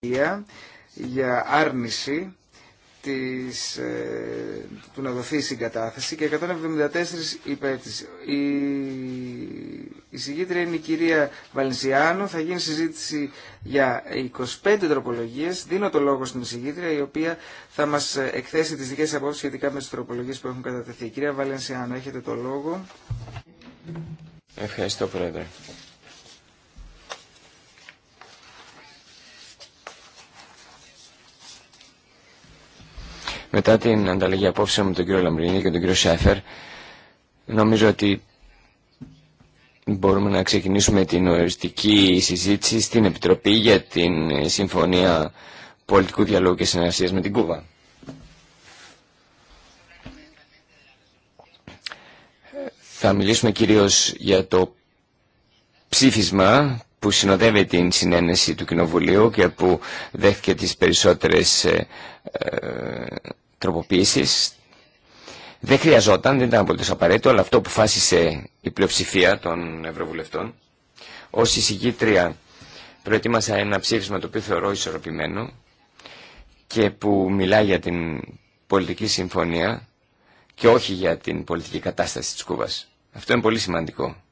για άρνηση της, ε, του να δοθεί η συγκατάθεση και 174 υπέρ της. Η, η είναι η κυρία Βαλενσιανό. Θα γίνει συζήτηση για 25 τροπολογίες. Δίνω το λόγο στην συγγήτρια η οποία θα μας εκθέσει τις δικές απόψεις σχετικά με τις τροπολογίες που έχουν κατατεθεί. Κυρία Βαλενσιάνο, έχετε το λόγο. Ευχαριστώ, Πρόεδρε. Μετά την ανταλλαγή απόψεων με τον κύριο Λαμπρινή και τον κύριο Σέφερ, νομίζω ότι μπορούμε να ξεκινήσουμε την οριστική συζήτηση στην Επιτροπή για την Συμφωνία Πολιτικού Διαλόγου και Συνεργασίας με την Κούβα. Θα μιλήσουμε κυρίως για το ψήφισμα που συνοδεύει την συνένεση του Κοινοβουλίου και που δέχτηκε τις περισσότερες ε, ε, τροποποίησης. Δεν χρειαζόταν, δεν ήταν απολύτω απαραίτητο, αλλά αυτό που αποφάσισε η πλειοψηφία των Ευρωβουλευτών. Ως εισηγήτρια προετοίμασα ένα ψήφισμα το οποίο θεωρώ ισορροπημένο και που μιλά για την πολιτική συμφωνία και όχι για την πολιτική κατάσταση της Κούβας. Αυτό είναι πολύ σημαντικό.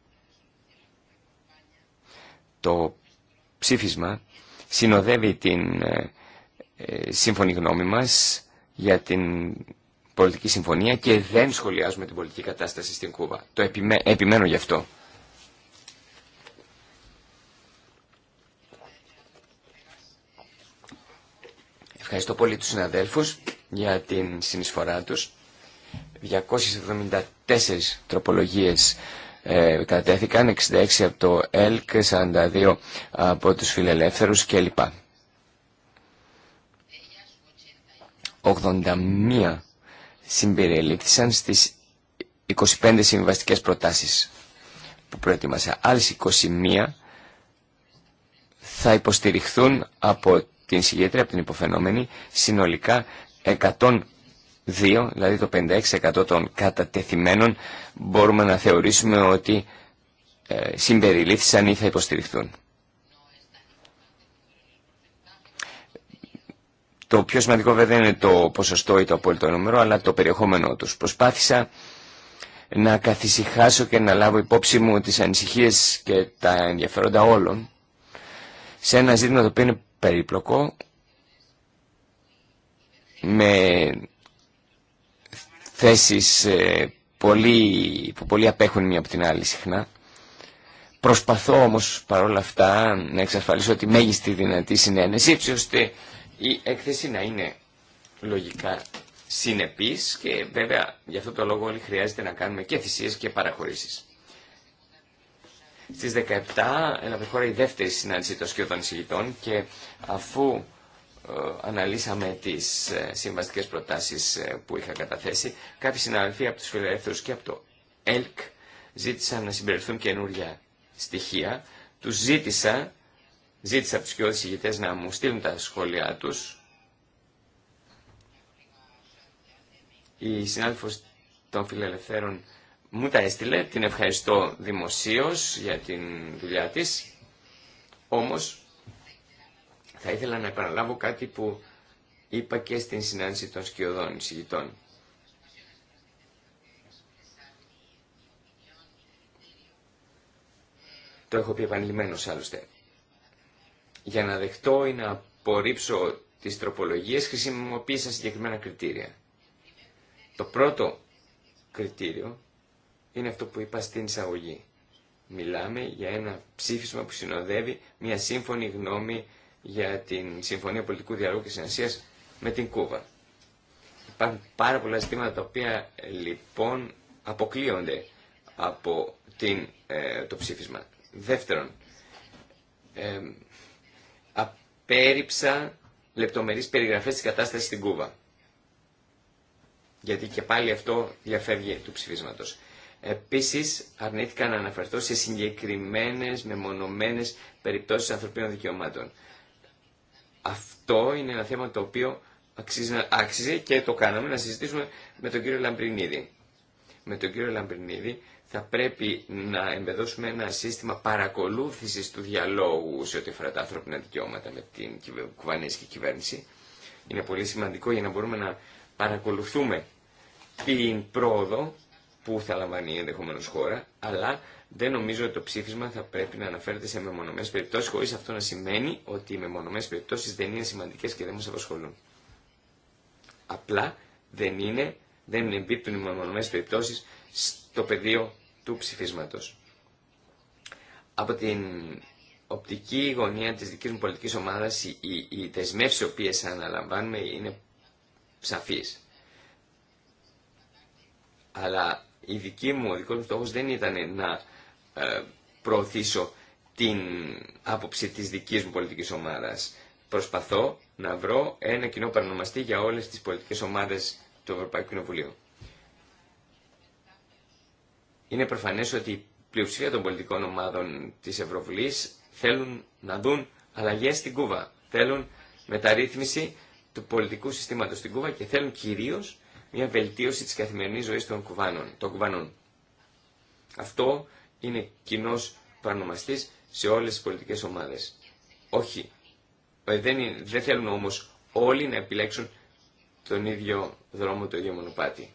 Το ψήφισμα συνοδεύει την ε, ε σύμφωνη γνώμη μας για την πολιτική συμφωνία και δεν σχολιάζουμε την πολιτική κατάσταση στην Κούβα. Το επιμένω γι' αυτό. Ευχαριστώ πολύ τους συναδέλφους για την συνεισφορά τους. 274 τροπολογίες ε, κατέθηκαν, 66 από το ΕΛΚ, 42 από τους φιλελεύθερους κλπ. 81 συμπεριλήφθησαν στις 25 συμβαστικές προτάσεις που προετοίμασα. Άλλες 21 θα υποστηριχθούν από την συγκεκριμένη από την υποφαινόμενη, συνολικά 102, δηλαδή το 56% των κατατεθειμένων μπορούμε να θεωρήσουμε ότι ε, συμπεριλήφθησαν ή θα υποστηριχθούν. Το πιο σημαντικό βέβαια είναι το ποσοστό ή το απόλυτο νούμερο, αλλά το περιεχόμενό τους. Προσπάθησα να καθησυχάσω και να λάβω υπόψη μου τις ανησυχίες και τα ενδιαφέροντα όλων σε ένα ζήτημα το οποίο είναι περίπλοκο με θέσεις ε, πολύ, που πολύ απέχουν μία από την άλλη συχνά. Προσπαθώ όμως παρόλα αυτά να εξασφαλίσω τη μέγιστη δυνατή συνένεση ώστε η έκθεση να είναι λογικά συνεπής και βέβαια γι' αυτό το λόγο όλοι χρειάζεται να κάνουμε και θυσίες και παραχωρήσεις. Στις 17 έλαβε χώρα η δεύτερη συνάντηση των σκιωτών εισηγητών και αφού ε, αναλύσαμε τις ε, συμβαστικές προτάσεις ε, που είχα καταθέσει, κάποιοι συναδελφοί από τους φιλελεύθερους και από το ΕΛΚ ζήτησαν να συμπεριφθούν καινούρια στοιχεία. Τους ζήτησα Ζήτησα από τους κοιόδης ηγητές να μου στείλουν τα σχόλιά τους. Η συνάδελφος των φιλελευθέρων μου τα έστειλε, την ευχαριστώ δημοσίως για την δουλειά της. Όμως θα ήθελα να επαναλάβω κάτι που είπα και στην συνάντηση των σκιωδών ηγητών. Το έχω πει επανειλημμένος άλλωστε. Για να δεχτώ ή να απορρίψω τις τροπολογίες χρησιμοποίησα συγκεκριμένα κριτήρια. Το πρώτο κριτήριο είναι αυτό που είπα στην εισαγωγή. Μιλάμε για ένα ψήφισμα που συνοδεύει μια σύμφωνη γνώμη για την Συμφωνία Πολιτικού Διαλόγου και Συνασίας με την Κούβα. Υπάρχουν πάρα πολλά ζητήματα τα οποία λοιπόν αποκλείονται από την, ε, το ψήφισμα. Δεύτερον, ε, πέριψα λεπτομερείς περιγραφές της κατάστασης στην Κούβα. Γιατί και πάλι αυτό διαφεύγει του ψηφίσματος. Επίσης αρνήθηκα να αναφερθώ σε συγκεκριμένες μεμονωμένες περιπτώσεις ανθρωπίνων δικαιωμάτων. Αυτό είναι ένα θέμα το οποίο αξίζει και το κάναμε να συζητήσουμε με τον κύριο Λαμπρινίδη. Με τον κύριο Λαμπρινίδη θα πρέπει να εμπεδώσουμε ένα σύστημα παρακολούθηση του διαλόγου σε ό,τι αφορά τα ανθρώπινα δικαιώματα με την κουβανέζικη κυβέρνηση. Είναι πολύ σημαντικό για να μπορούμε να παρακολουθούμε την πρόοδο που θα λαμβάνει η ενδεχομένω χώρα, αλλά δεν νομίζω ότι το ψήφισμα θα πρέπει να αναφέρεται σε μεμονωμένε περιπτώσει, χωρί αυτό να σημαίνει ότι οι μεμονωμένε περιπτώσει δεν είναι σημαντικέ και δεν μα απασχολούν. Απλά δεν είναι, δεν εμπίπτουν οι μεμονωμένε περιπτώσει στο πεδίο του ψηφίσματος. Από την οπτική γωνία της δικής μου πολιτικής ομάδας, οι, οι δεσμεύσεις οι οποίες αναλαμβάνουμε είναι σαφείς. Αλλά η δική μου, ο δικός μου στόχος δεν ήταν να ε, προωθήσω την άποψη της δικής μου πολιτικής ομάδας. Προσπαθώ να βρω ένα κοινό παρανομαστή για όλες τις πολιτικές ομάδες του Ευρωπαϊκού Κοινοβουλίου είναι προφανές ότι η πλειοψηφία των πολιτικών ομάδων της Ευρωβουλής θέλουν να δουν αλλαγές στην Κούβα. Θέλουν μεταρρύθμιση του πολιτικού συστήματος στην Κούβα και θέλουν κυρίως μια βελτίωση της καθημερινής ζωής των Κουβάνων. Των Κουβανών. Αυτό είναι κοινό παρονομαστή σε όλες τις πολιτικέ ομάδε. Όχι. Ε, δεν, θέλουν όμως όλοι να επιλέξουν τον ίδιο δρόμο, το ίδιο μονοπάτι.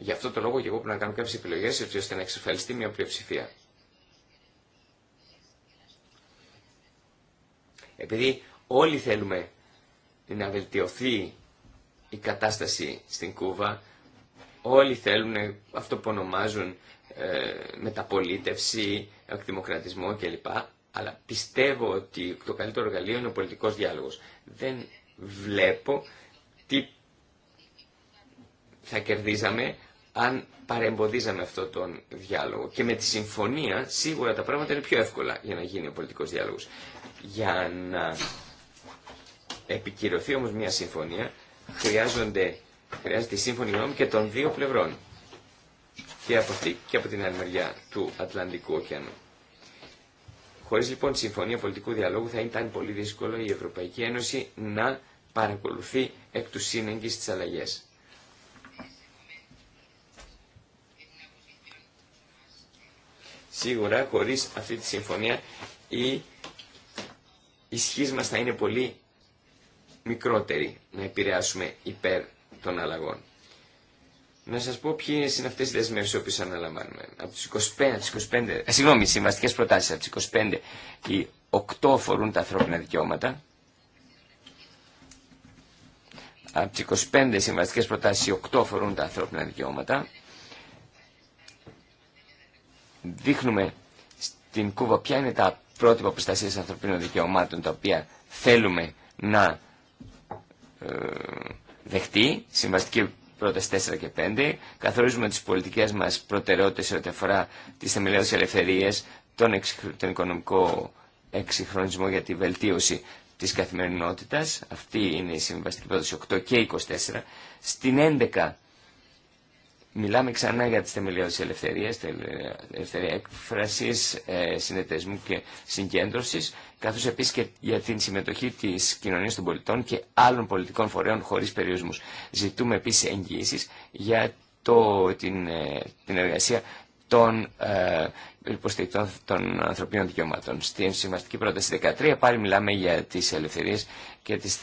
Γι' αυτό το λόγο και εγώ πρέπει να κάνω κάποιε επιλογέ έτσι ώστε να εξασφαλιστεί μια πλειοψηφία. Επειδή όλοι θέλουμε να βελτιωθεί η κατάσταση στην Κούβα, όλοι θέλουν αυτό που ονομάζουν ε, μεταπολίτευση, εκδημοκρατισμό κλπ. Αλλά πιστεύω ότι το καλύτερο εργαλείο είναι ο πολιτικός διάλογος. Δεν βλέπω τι θα κερδίζαμε αν παρεμποδίζαμε αυτό τον διάλογο. Και με τη συμφωνία σίγουρα τα πράγματα είναι πιο εύκολα για να γίνει ο πολιτικός διάλογος. Για να επικυρωθεί όμως μια συμφωνία χρειάζονται, χρειάζεται η σύμφωνη γνώμη και των δύο πλευρών. Και από αυτή και από την άλλη μεριά του Ατλαντικού ωκεανού. Χωρί λοιπόν συμφωνία πολιτικού διαλόγου θα ήταν πολύ δύσκολο η Ευρωπαϊκή Ένωση να παρακολουθεί εκ του σύνεγγυ τι αλλαγέ. Σίγουρα χωρίς αυτή τη συμφωνία η ισχύ μας θα είναι πολύ μικρότερη να επηρεάσουμε υπέρ των αλλαγών. Να σας πω ποιες είναι αυτές οι δεσμεύσεις που αναλαμβάνουμε. Από τις 25, 25 ε, συγγνώμη, συμβαστικές προτάσεις από τις 25 οι 8 αφορούν τα ανθρώπινα δικαιώματα. Από τις 25 συμβαστικές προτάσεις οι 8 αφορούν τα ανθρώπινα δικαιώματα δείχνουμε στην Κούβα ποια είναι τα πρότυπα προστασία ανθρωπίνων δικαιωμάτων τα οποία θέλουμε να ε, δεχτεί, συμβαστική πρόταση 4 και 5, καθορίζουμε τις πολιτικές μας προτεραιότητες ό,τι αφορά τις θεμελιώδεις ελευθερίες, τον, τον οικονομικό εξυγχρονισμό για τη βελτίωση της καθημερινότητας, αυτή είναι η συμβαστική πρόταση 8 και 24, στην 11 Μιλάμε ξανά για τις θεμελιώδεις ελευθερίες, ελευθερία έκφρασης, ε, συνεταιρισμού και συγκέντρωσης, καθώς επίσης και για την συμμετοχή της κοινωνίας των πολιτών και άλλων πολιτικών φορέων χωρίς περιορισμούς. Ζητούμε επίσης εγγύησεις για το, την, ε, την εργασία των ε, υποστηρικτών των ανθρωπίνων δικαιωμάτων. Στην συμβαστική πρόταση 13 πάλι μιλάμε για τις ελευθερίες και, τις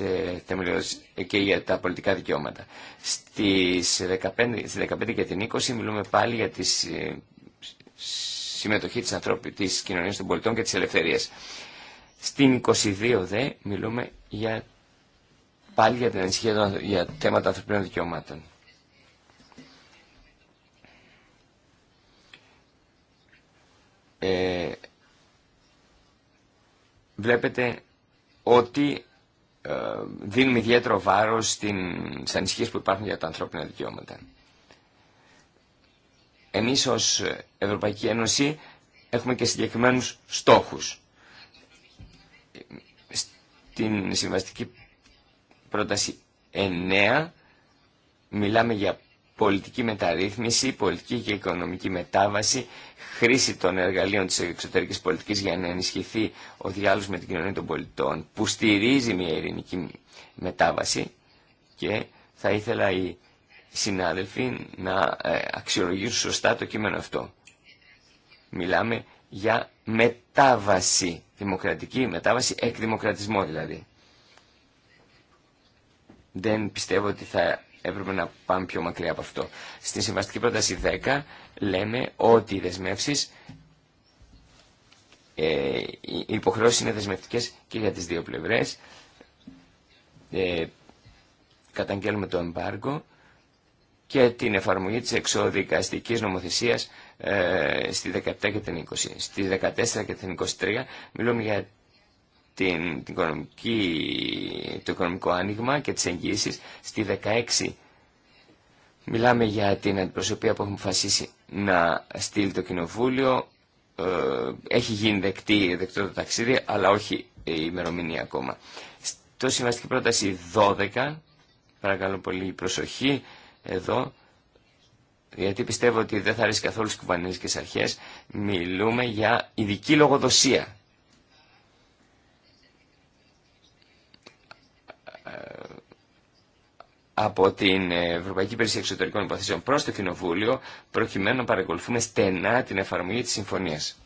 και για τα πολιτικά δικαιώματα. Στις 15, στις 15 και την 20 μιλούμε πάλι για τη συμμετοχή τη κοινωνίας των πολιτών και της ελευθερίας. Στην 22 δε μιλούμε για, πάλι για την ανησυχία για θέματα ανθρωπίνων δικαιωμάτων. Ε, βλέπετε ότι ε, δίνουμε ιδιαίτερο βάρος στην, στις που υπάρχουν για τα ανθρώπινα δικαιώματα. Εμείς ως Ευρωπαϊκή Ένωση έχουμε και συγκεκριμένους στόχους. Στην συμβαστική πρόταση 9 μιλάμε για πολιτική μεταρρύθμιση, πολιτική και οικονομική μετάβαση, χρήση των εργαλείων της εξωτερικής πολιτικής για να ενισχυθεί ο διάλογος με την κοινωνία των πολιτών που στηρίζει μια ειρηνική μετάβαση και θα ήθελα οι συνάδελφοι να ε, αξιολογήσουν σωστά το κείμενο αυτό. Μιλάμε για μετάβαση δημοκρατική, μετάβαση εκδημοκρατισμό δηλαδή. Δεν πιστεύω ότι θα έπρεπε να πάμε πιο μακριά από αυτό. Στην συμβαστική πρόταση 10 λέμε ότι οι δεσμεύσεις ε, οι υποχρεώσεις είναι δεσμευτικές και για τις δύο πλευρές. Ε, καταγγέλουμε το εμπάργκο και την εφαρμογή της εξοδικαστικής νομοθεσίας ε, στη 17 και την 20. Στη 14 και την 23 μιλούμε για την, οικονομική, το οικονομικό άνοιγμα και τις εγγύησεις στη 16. Μιλάμε για την αντιπροσωπεία που έχουμε αποφασίσει να στείλει το κοινοβούλιο. Ε, έχει γίνει δεκτή, δεκτό το ταξίδι, αλλά όχι η ημερομηνία ακόμα. Στο συμβαστική πρόταση 12, παρακαλώ πολύ προσοχή εδώ, γιατί πιστεύω ότι δεν θα αρέσει καθόλου στις κουβανίζικες αρχές, μιλούμε για ειδική λογοδοσία από την Ευρωπαϊκή Υπηρεσία Εξωτερικών Υποθέσεων προς το Κοινοβούλιο προκειμένου να παρακολουθούμε στενά την εφαρμογή της συμφωνίας.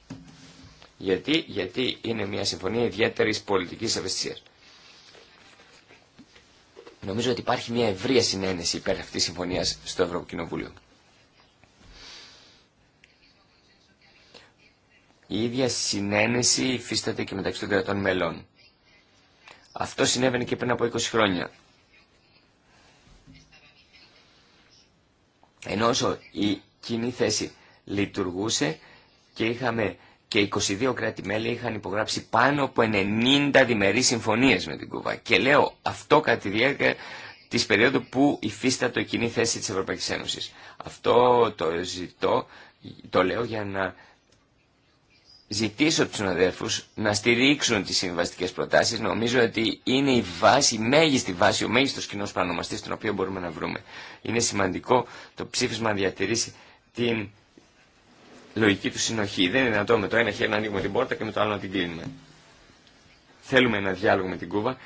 Γιατί, γιατί είναι μια συμφωνία ιδιαίτερης πολιτικής ευαισθησίας. Νομίζω ότι υπάρχει μια ευρεία συνένεση υπέρ αυτής της συμφωνίας στο Ευρωκοινοβούλιο. Η ίδια συνένεση υφίσταται και μεταξύ των κρατών μελών. Αυτό συνέβαινε και πριν από 20 χρόνια Ενώ η κοινή θέση λειτουργούσε και είχαμε και 22 κράτη-μέλη είχαν υπογράψει πάνω από 90 διμερείς συμφωνίες με την Κούβα. Και λέω αυτό κατά τη διάρκεια της περίοδου που υφίστατο η κοινή θέση της Ευρωπαϊκής Ένωσης. Αυτό το ζητώ, το λέω για να ζητήσω από τους να στηρίξουν τις συμβαστικές προτάσεις. Νομίζω ότι είναι η βάση, η μέγιστη βάση, ο μέγιστος κοινό πανομαστής τον οποίο μπορούμε να βρούμε. Είναι σημαντικό το ψήφισμα να διατηρήσει την λογική του συνοχή. Δεν είναι δυνατό με το ένα χέρι να ανοίγουμε την πόρτα και με το άλλο να την κλείνουμε. Θέλουμε ένα διάλογο με την Κούβα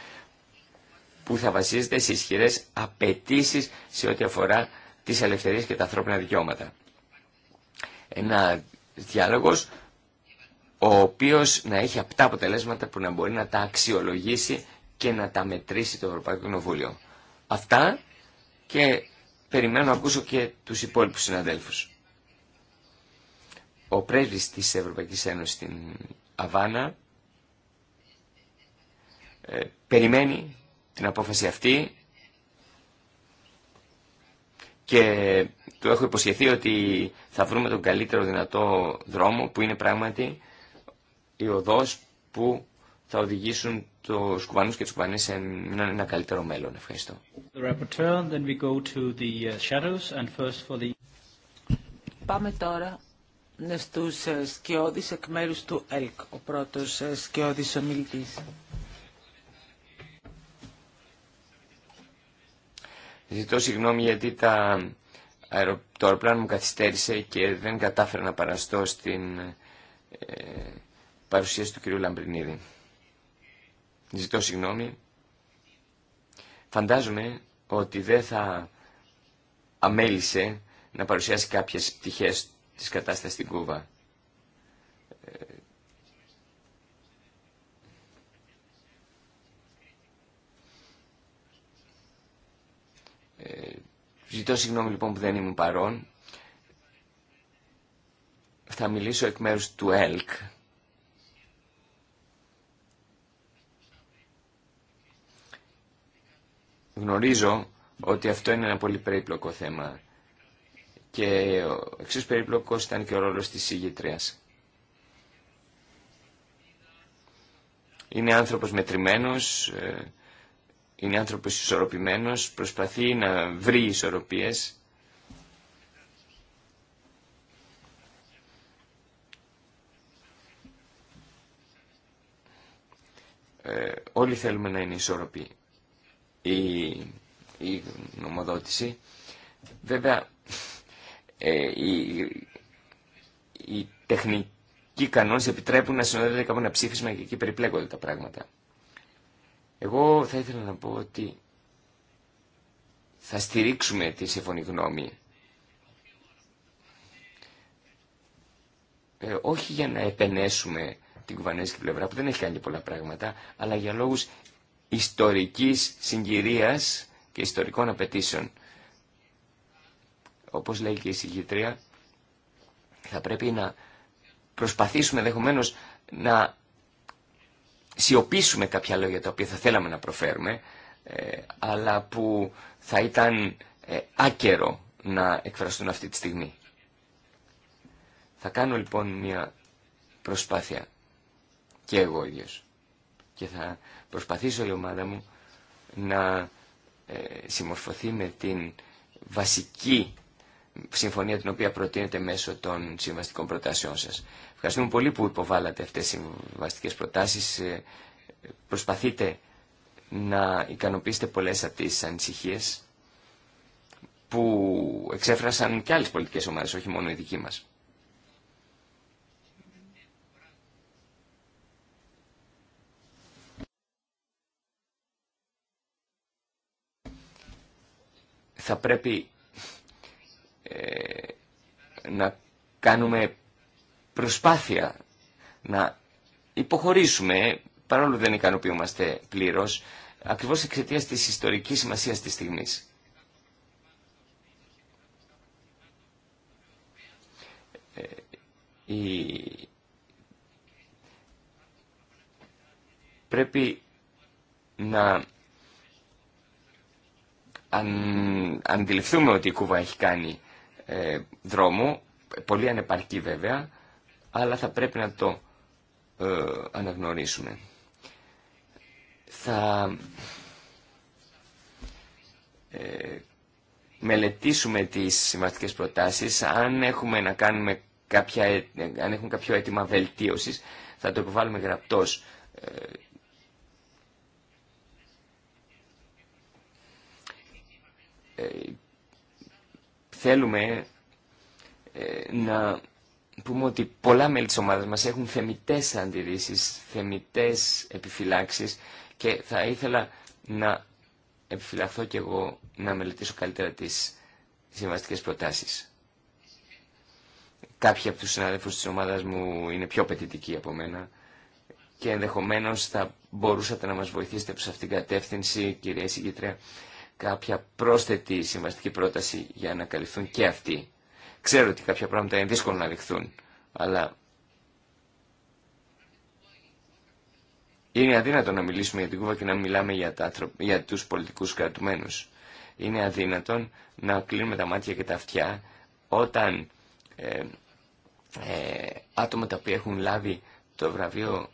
που θα βασίζεται σε ισχυρέ απαιτήσει σε ό,τι αφορά τις ελευθερίες και τα ανθρώπινα δικαιώματα. Ένα διάλογος ο οποίος να έχει αυτά αποτελέσματα που να μπορεί να τα αξιολογήσει και να τα μετρήσει το Ευρωπαϊκό Κοινοβούλιο. Αυτά και περιμένω να ακούσω και τους υπόλοιπους συναδέλφους. Ο πρέσβης της Ευρωπαϊκής Ένωσης στην Αβάνα ε, περιμένει την απόφαση αυτή και του έχω υποσχεθεί ότι θα βρούμε τον καλύτερο δυνατό δρόμο που είναι πράγματι η οδός που θα οδηγήσουν τους κουβανούς και τους κουβανές σε ένα, ένα καλύτερο μέλλον. Ευχαριστώ. Πάμε τώρα στους ε, σκιώδεις εκ μέρους του ΕΛΚ, ο πρώτος ε, σκιώδης ομιλητής. Ζητώ συγγνώμη γιατί τα, το αεροπλάνο μου καθυστέρησε και δεν κατάφερα να παραστώ στην ε, παρουσίαση του κυρίου Λαμπρινίδη. Ζητώ συγγνώμη. Φαντάζομαι ότι δεν θα αμέλησε να παρουσιάσει κάποιες πτυχές της κατάστασης στην Κούβα. Ε, ζητώ συγγνώμη λοιπόν που δεν ήμουν παρόν. Θα μιλήσω εκ μέρους του ΕΛΚ, Γνωρίζω ότι αυτό είναι ένα πολύ περίπλοκο θέμα και ο εξή περιπλοκο ήταν και ο ρόλος της ηγητρίας. Είναι άνθρωπος μετρημένος, ε, είναι άνθρωπος ισορροπημένος, προσπαθεί να βρει ισορροπίες ε, όλοι θέλουμε να είναι ισορροπημένοι η, η νομοδότηση. Βέβαια, ε, οι, οι τεχνικοί κανόνες επιτρέπουν να συνοδεύεται κάπου ένα ψήφισμα και εκεί περιπλέκονται τα πράγματα. Εγώ θα ήθελα να πω ότι θα στηρίξουμε τη σύμφωνη γνώμη. Ε, όχι για να επενέσουμε την κουβανέζικη πλευρά που δεν έχει κάνει πολλά πράγματα, αλλά για λόγους ιστορικής συγκυρίας και ιστορικών απαιτήσεων. Όπως λέει και η συγκυτρία θα πρέπει να προσπαθήσουμε δεχομένω να σιωπήσουμε κάποια λόγια τα οποία θα θέλαμε να προφέρουμε, ε, αλλά που θα ήταν ε, άκερο να εκφραστούν αυτή τη στιγμή. Θα κάνω λοιπόν μια προσπάθεια και εγώ ίδιος και θα προσπαθήσω η ομάδα μου να ε, συμμορφωθεί με την βασική συμφωνία την οποία προτείνεται μέσω των συμβαστικών προτάσεών σας. Ευχαριστούμε πολύ που υποβάλλατε αυτές τις συμβαστικές προτάσεις. Ε, προσπαθείτε να ικανοποιήσετε πολλές από τις ανησυχίες που εξέφρασαν και άλλες πολιτικές ομάδες, όχι μόνο η δική μας. θα πρέπει ε, να κάνουμε προσπάθεια να υποχωρήσουμε, παρόλο που δεν ικανοποιούμαστε πλήρως, ακριβώς εξαιτία της ιστορικής σημασίας της στιγμής. Ε, η... Πρέπει να αν αντιληφθούμε ότι η Κούβα έχει κάνει ε, δρόμο, πολύ ανεπαρκή βέβαια, αλλά θα πρέπει να το ε, αναγνωρίσουμε. Θα ε, μελετήσουμε τις σημαντικές προτάσεις. Αν έχουμε να κάνουμε κάποια, αν έχουν κάποιο αίτημα βελτίωσης, θα το επιβάλλουμε γραπτός θέλουμε ε, να πούμε ότι πολλά μέλη της ομάδας μας έχουν θεμητές αντιρρήσεις, θεμητές επιφυλάξεις και θα ήθελα να επιφυλαχθώ και εγώ να μελετήσω καλύτερα τις συμβαστικές προτάσεις. Κάποιοι από τους συναδέλφους της ομάδας μου είναι πιο απαιτητικοί από μένα και ενδεχομένως θα μπορούσατε να μας βοηθήσετε προς αυτήν την κατεύθυνση, κυρία Συγκήτρια, κάποια πρόσθετη συμβαστική πρόταση για να καλυφθούν και αυτοί. Ξέρω ότι κάποια πράγματα είναι δύσκολο να ληφθούν, αλλά είναι αδύνατο να μιλήσουμε για την Κούβα και να μιλάμε για, τα, για τους πολιτικούς κρατουμένους. Είναι αδύνατον να κλείνουμε τα μάτια και τα αυτιά όταν ε, ε, άτομα τα οποία έχουν λάβει το βραβείο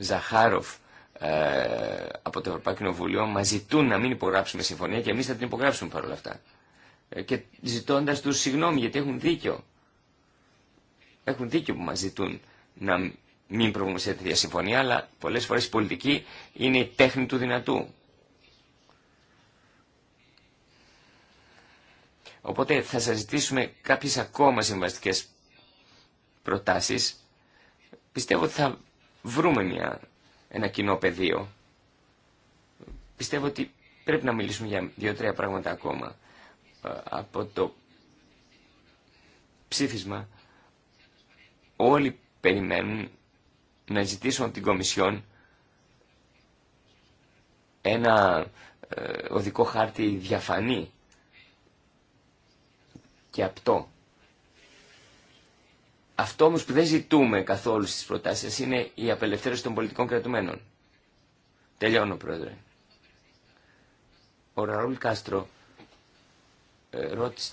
Ζαχάροφ ε, από το Ευρωπαϊκό Κοινοβούλιο μα ζητούν να μην υπογράψουμε συμφωνία και εμεί θα την υπογράψουμε παρόλα αυτά. Ε, και ζητώντα του συγγνώμη γιατί έχουν δίκιο. Έχουν δίκιο που μα ζητούν να μην προβούμε σε τέτοια συμφωνία, αλλά πολλέ φορέ η πολιτική είναι η τέχνη του δυνατού. Οπότε θα σας ζητήσουμε κάποιες ακόμα συμβαστικές προτάσεις. Πιστεύω ότι θα βρούμε μια ένα κοινό πεδίο. Πιστεύω ότι πρέπει να μιλήσουμε για δύο-τρία πράγματα ακόμα. Ε, από το ψήφισμα όλοι περιμένουν να ζητήσουν από την Κομισιόν ένα ε, οδικό χάρτη διαφανή και απτό αυτό όμως που δεν ζητούμε καθόλου στις προτάσεις είναι η απελευθέρωση των πολιτικών κρατουμένων. Τελειώνω, Πρόεδρε. Ο Ραούλ Κάστρο ε, ρώτησε,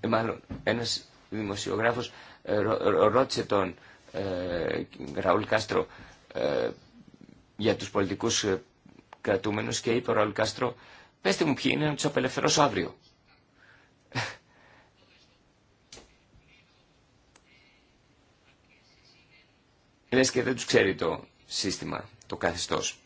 ε, μάλλον ένας δημοσιογράφος ε, ρω, ε, ρώτησε τον ε, Ραούλ Κάστρο για τους πολιτικούς κρατούμενους και είπε ο Ραούλ Κάστρο πέστε μου ποιοι είναι να τους απελευθερώσω αύριο. λες και δεν τους ξέρει το σύστημα, το καθεστώς.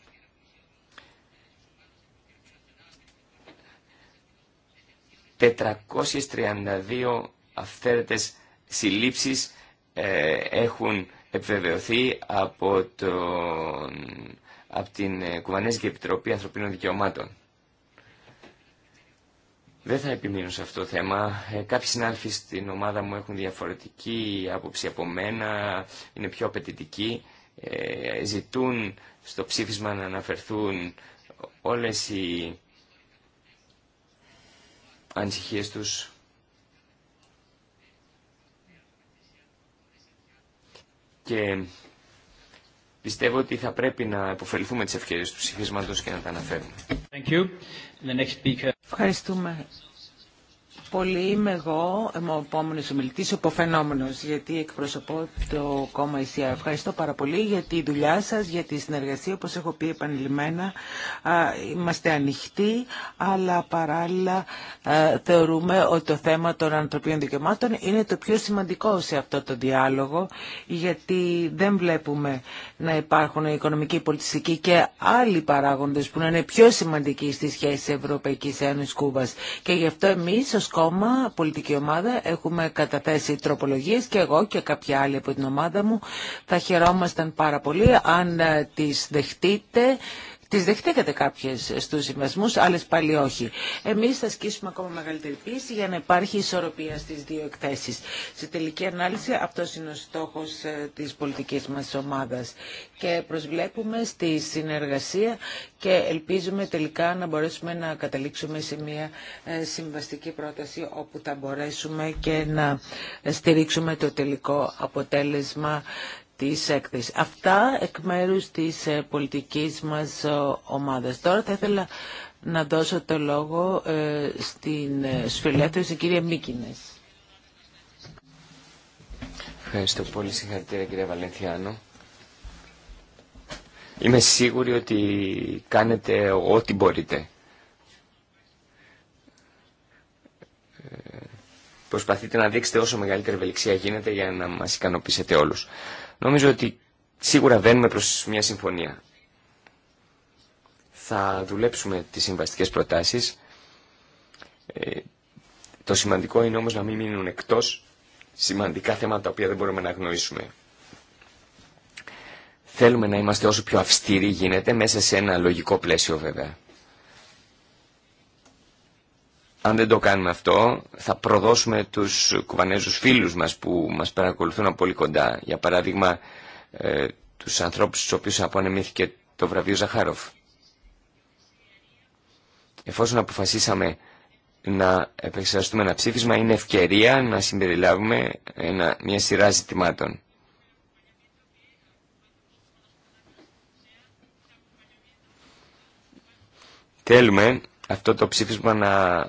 ...432 αυθαίρετες συλλήψεις ε, έχουν επιβεβαιωθεί από, τον, από την ε, Κουβανέζικη Επιτροπή Ανθρωπίνων Δικαιωμάτων. Δεν θα επιμείνω σε αυτό το θέμα. Ε, κάποιοι συνάδελφοι στην ομάδα μου έχουν διαφορετική άποψη από μένα, είναι πιο απαιτητικοί, ε, ζητούν στο ψήφισμα να αναφερθούν όλες οι ανησυχίες τους και πιστεύω ότι θα πρέπει να υποφεληθούμε τις ευκαιρίες του ψηφίσματος και να τα αναφέρουμε. Ευχαριστούμε πολύ. Είμαι εγώ, είμαι ο επόμενο ομιλητή, ο υποφαινόμενο, γιατί εκπροσωπώ το κόμμα ΙΣΙΑ. Ευχαριστώ πάρα πολύ για τη δουλειά σα, για τη συνεργασία. Όπω έχω πει επανειλημμένα, είμαστε ανοιχτοί, αλλά παράλληλα θεωρούμε ότι το θέμα των ανθρωπίνων δικαιωμάτων είναι το πιο σημαντικό σε αυτό το διάλογο, γιατί δεν βλέπουμε να υπάρχουν οικονομικοί, πολιτιστικοί και άλλοι παράγοντε που να είναι πιο σημαντικοί στη σχέση Ευρωπαϊκή Ένωση-Κούβα. Και γι' αυτό εμεί κόμμα, πολιτική ομάδα έχουμε καταθέσει τροπολογίες και εγώ και κάποια άλλη από την ομάδα μου θα χαιρόμασταν πάρα πολύ αν ε, τις δεχτείτε Τις δεχτήκατε κάποιες στους συμβασμούς, άλλες πάλι όχι. Εμείς θα ασκήσουμε ακόμα μεγαλύτερη πίεση για να υπάρχει ισορροπία στις δύο εκθέσεις. Στη τελική ανάλυση αυτό είναι ο στόχος ε, της πολιτικής μας ομάδας. Και προσβλέπουμε στη συνεργασία και ελπίζουμε τελικά να μπορέσουμε να καταλήξουμε σε μια ε, συμβαστική πρόταση όπου θα μπορέσουμε και να ε, στηρίξουμε το τελικό αποτέλεσμα της έκθεσης. Αυτά εκ μέρους της ε, πολιτικής μας ε, ομάδας. Τώρα θα ήθελα να δώσω το λόγο ε, στην σφιλέτερη, στην κυρία Μίκινες. Ευχαριστώ πολύ. Συγχαρητήρια κύριε Βαλενθιάνο. Είμαι σίγουρη ότι κάνετε ό,τι μπορείτε. Προσπαθείτε να δείξετε όσο μεγαλύτερη ευελιξία γίνεται για να μας ικανοποιήσετε όλους. Νομίζω ότι σίγουρα βαίνουμε προς μια συμφωνία. Θα δουλέψουμε τις συμβαστικές προτάσεις. Ε, το σημαντικό είναι όμως να μην μείνουν εκτός σημαντικά θέματα τα οποία δεν μπορούμε να γνωρίσουμε. Θέλουμε να είμαστε όσο πιο αυστηροί γίνεται, μέσα σε ένα λογικό πλαίσιο βέβαια. Αν δεν το κάνουμε αυτό, θα προδώσουμε τους κουβανέζους φίλους μας που μας παρακολουθούν από πολύ κοντά. Για παράδειγμα, ε, τους ανθρώπους στους οποίους απονεμήθηκε το βραβείο Ζαχάροφ. Εφόσον αποφασίσαμε να επεξεργαστούμε ένα ψήφισμα, είναι ευκαιρία να συμπεριλάβουμε ένα, μια σειρά ζητημάτων. Θέλουμε αυτό το ψήφισμα να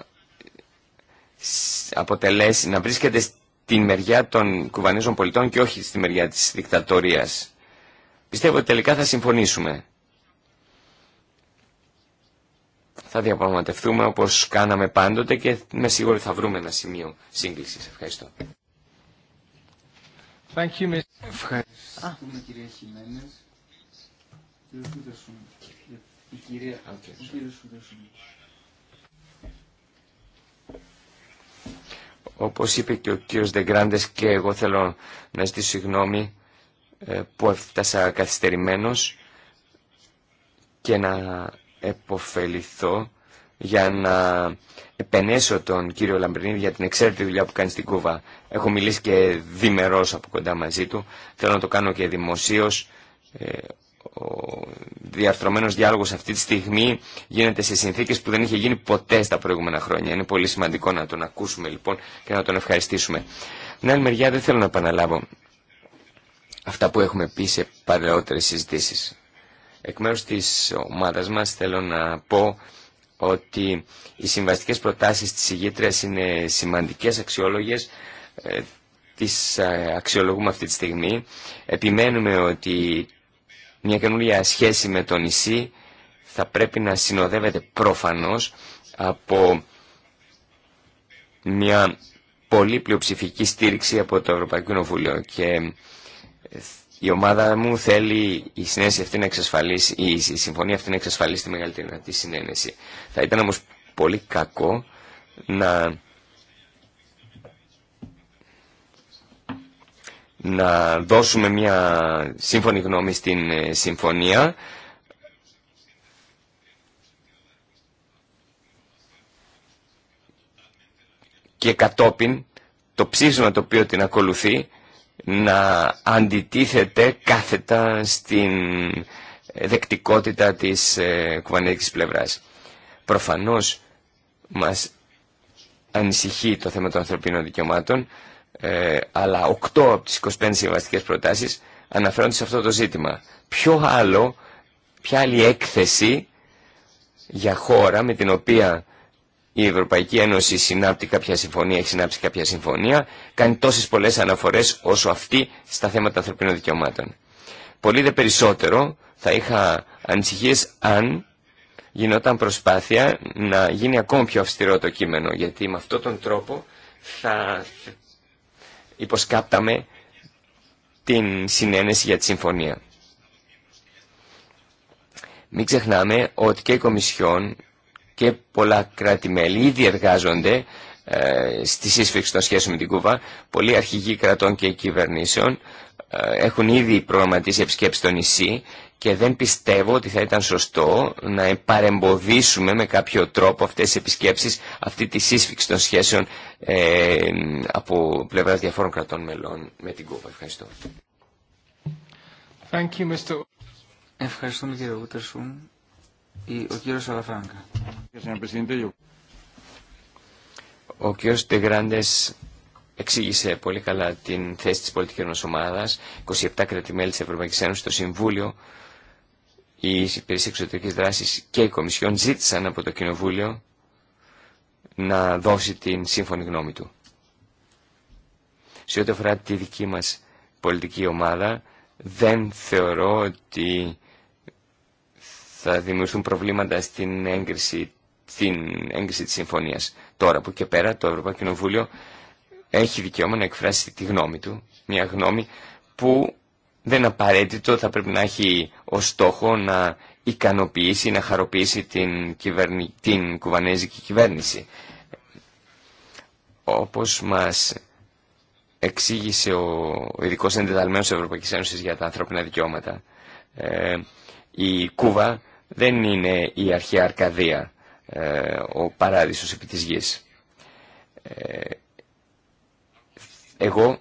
αποτελέσει, να βρίσκεται στη μεριά των κουβανίζων πολιτών και όχι στη μεριά της δικτατορίας. Πιστεύω ότι τελικά θα συμφωνήσουμε. Θα διαπραγματευτούμε όπως κάναμε πάντοτε και με σίγουρο θα βρούμε ένα σημείο σύγκλησης. Ευχαριστώ. Thank you, Όπως είπε και ο κύριος Δεγκράντες και εγώ θέλω να ζητήσω συγγνώμη ε, που έφτασα καθυστερημένος και να επωφεληθώ για να επενέσω τον κύριο Λαμπρινίδη για την εξαίρετη δουλειά που κάνει στην Κούβα. Έχω μιλήσει και διμερός από κοντά μαζί του. Θέλω να το κάνω και δημοσίως ε, ο διαρθρωμένος διάλογος αυτή τη στιγμή γίνεται σε συνθήκες που δεν είχε γίνει ποτέ στα προηγούμενα χρόνια. Είναι πολύ σημαντικό να τον ακούσουμε λοιπόν και να τον ευχαριστήσουμε. Την άλλη μεριά δεν θέλω να επαναλάβω αυτά που έχουμε πει σε παλαιότερες συζητήσεις. Εκ μέρους της ομάδας μας θέλω να πω ότι οι συμβαστικές προτάσεις της ηγήτριας είναι σημαντικές αξιόλογες ε, τις ε, αξιολογούμε αυτή τη στιγμή. Επιμένουμε ότι μια καινούργια σχέση με το νησί θα πρέπει να συνοδεύεται προφανώς από μια πολύ πλειοψηφική στήριξη από το Ευρωπαϊκό Κοινοβούλιο και ε, η ομάδα μου θέλει η, συνένεση αυτή να εξασφαλίσει, η συμφωνία αυτή να εξασφαλίσει τη μεγαλύτερη τη συνένεση. Θα ήταν όμως πολύ κακό να να δώσουμε μια σύμφωνη γνώμη στην ε, συμφωνία. Και κατόπιν το ψήφισμα το οποίο την ακολουθεί να αντιτίθεται κάθετα στην δεκτικότητα της ε, κουβανέτικης πλευράς. Προφανώς μας ανησυχεί το θέμα των ανθρωπίνων δικαιωμάτων ε, αλλά 8 από τις 25 συμβαστικές προτάσεις αναφέρονται σε αυτό το ζήτημα. Ποιο άλλο, ποια άλλη έκθεση για χώρα με την οποία η Ευρωπαϊκή Ένωση συνάπτει κάποια συμφωνία, έχει συνάψει κάποια συμφωνία, κάνει τόσες πολλές αναφορές όσο αυτή στα θέματα ανθρωπίνων δικαιωμάτων. Πολύ δε περισσότερο θα είχα ανησυχίες αν γινόταν προσπάθεια να γίνει ακόμα πιο αυστηρό το κείμενο, γιατί με αυτόν τον τρόπο θα υποσκάπταμε την συνένεση για τη συμφωνία. Μην ξεχνάμε ότι και η Κομισιόν και πολλά κράτη-μέλη ήδη εργάζονται ε, στη σύσφυξη των σχέσεων με την Κούβα. Πολλοί αρχηγοί κρατών και κυβερνήσεων ε, έχουν ήδη προγραμματίσει επισκέψεις στο νησί και δεν πιστεύω ότι θα ήταν σωστό να παρεμποδίσουμε με κάποιο τρόπο αυτές τις επισκέψεις, αυτή τη σύσφυξη των σχέσεων ε, από πλευρά διαφόρων κρατών μελών με την ΚΟΠΑ. Ευχαριστώ. Ευχαριστούμε κύριε Ούτεσουν. Ο κύριος Αλαφράγκα. Ο κύριος Τεγράντες εξήγησε πολύ καλά την θέση της πολιτικής ομάδας. 27 κρατημέλη της Ευρωπαϊκής Ένωσης στο Συμβούλιο οι υπηρεσίες εξωτερικής δράσης και η Κομισιόν ζήτησαν από το Κοινοβούλιο να δώσει την σύμφωνη γνώμη του. Σε ό,τι αφορά τη δική μας πολιτική ομάδα, δεν θεωρώ ότι θα δημιουργηθούν προβλήματα στην έγκριση, στην έγκριση της συμφωνίας. Τώρα που και πέρα το Ευρωπαϊκό Κοινοβούλιο έχει δικαίωμα να εκφράσει τη γνώμη του, μια γνώμη που δεν απαραίτητο θα πρέπει να έχει ως στόχο να ικανοποιήσει, να χαροποιήσει την, την κουβανέζικη κυβέρνηση. Όπως μας εξήγησε ο ειδικό εντεταλμένος της Ευρωπαϊκής Ένωσης για τα ανθρώπινα δικαιώματα, ε, η Κούβα δεν είναι η αρχαία Αρκαδία, ε, ο παράδεισος επί της γης. Ε, εγώ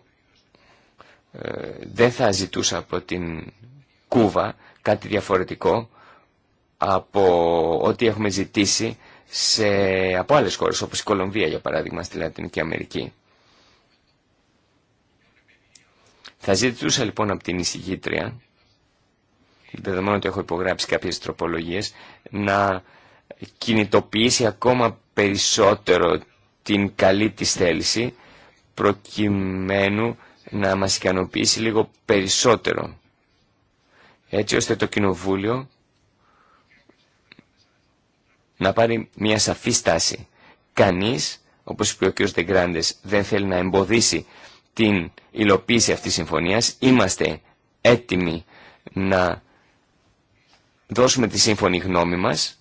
δεν θα ζητούσα από την Κούβα κάτι διαφορετικό από ό,τι έχουμε ζητήσει σε, από άλλες χώρες, όπως η Κολομβία για παράδειγμα στη Λατινική Αμερική. Θα ζητούσα λοιπόν από την εισηγήτρια, δεδομένου ότι έχω υπογράψει κάποιες τροπολογίες, να κινητοποιήσει ακόμα περισσότερο την καλή της θέληση, προκειμένου να μας ικανοποιήσει λίγο περισσότερο έτσι ώστε το Κοινοβούλιο να πάρει μια σαφή στάση. Κανείς, όπως είπε ο κ. Τεγκράντες, δεν θέλει να εμποδίσει την υλοποίηση αυτής της συμφωνίας. Είμαστε έτοιμοι να δώσουμε τη σύμφωνη γνώμη μας,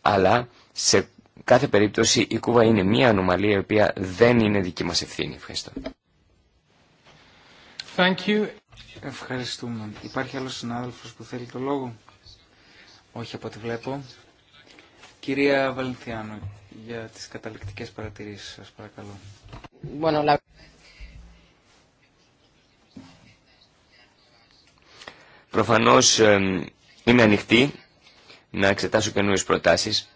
αλλά σε κάθε περίπτωση η Κούβα είναι μια ανομαλία η οποία δεν είναι δική μας ευθύνη. Ευχαριστώ. Ευχαριστούμε. Υπάρχει άλλος συνάδελφος που θέλει το λόγο. Όχι από ό,τι βλέπω. Κυρία Βαλεντιάνο, για τις καταληκτικές παρατηρήσεις σας παρακαλώ. Bueno, Προφανώς είμαι ανοιχτή να εξετάσω καινούριε προτάσεις.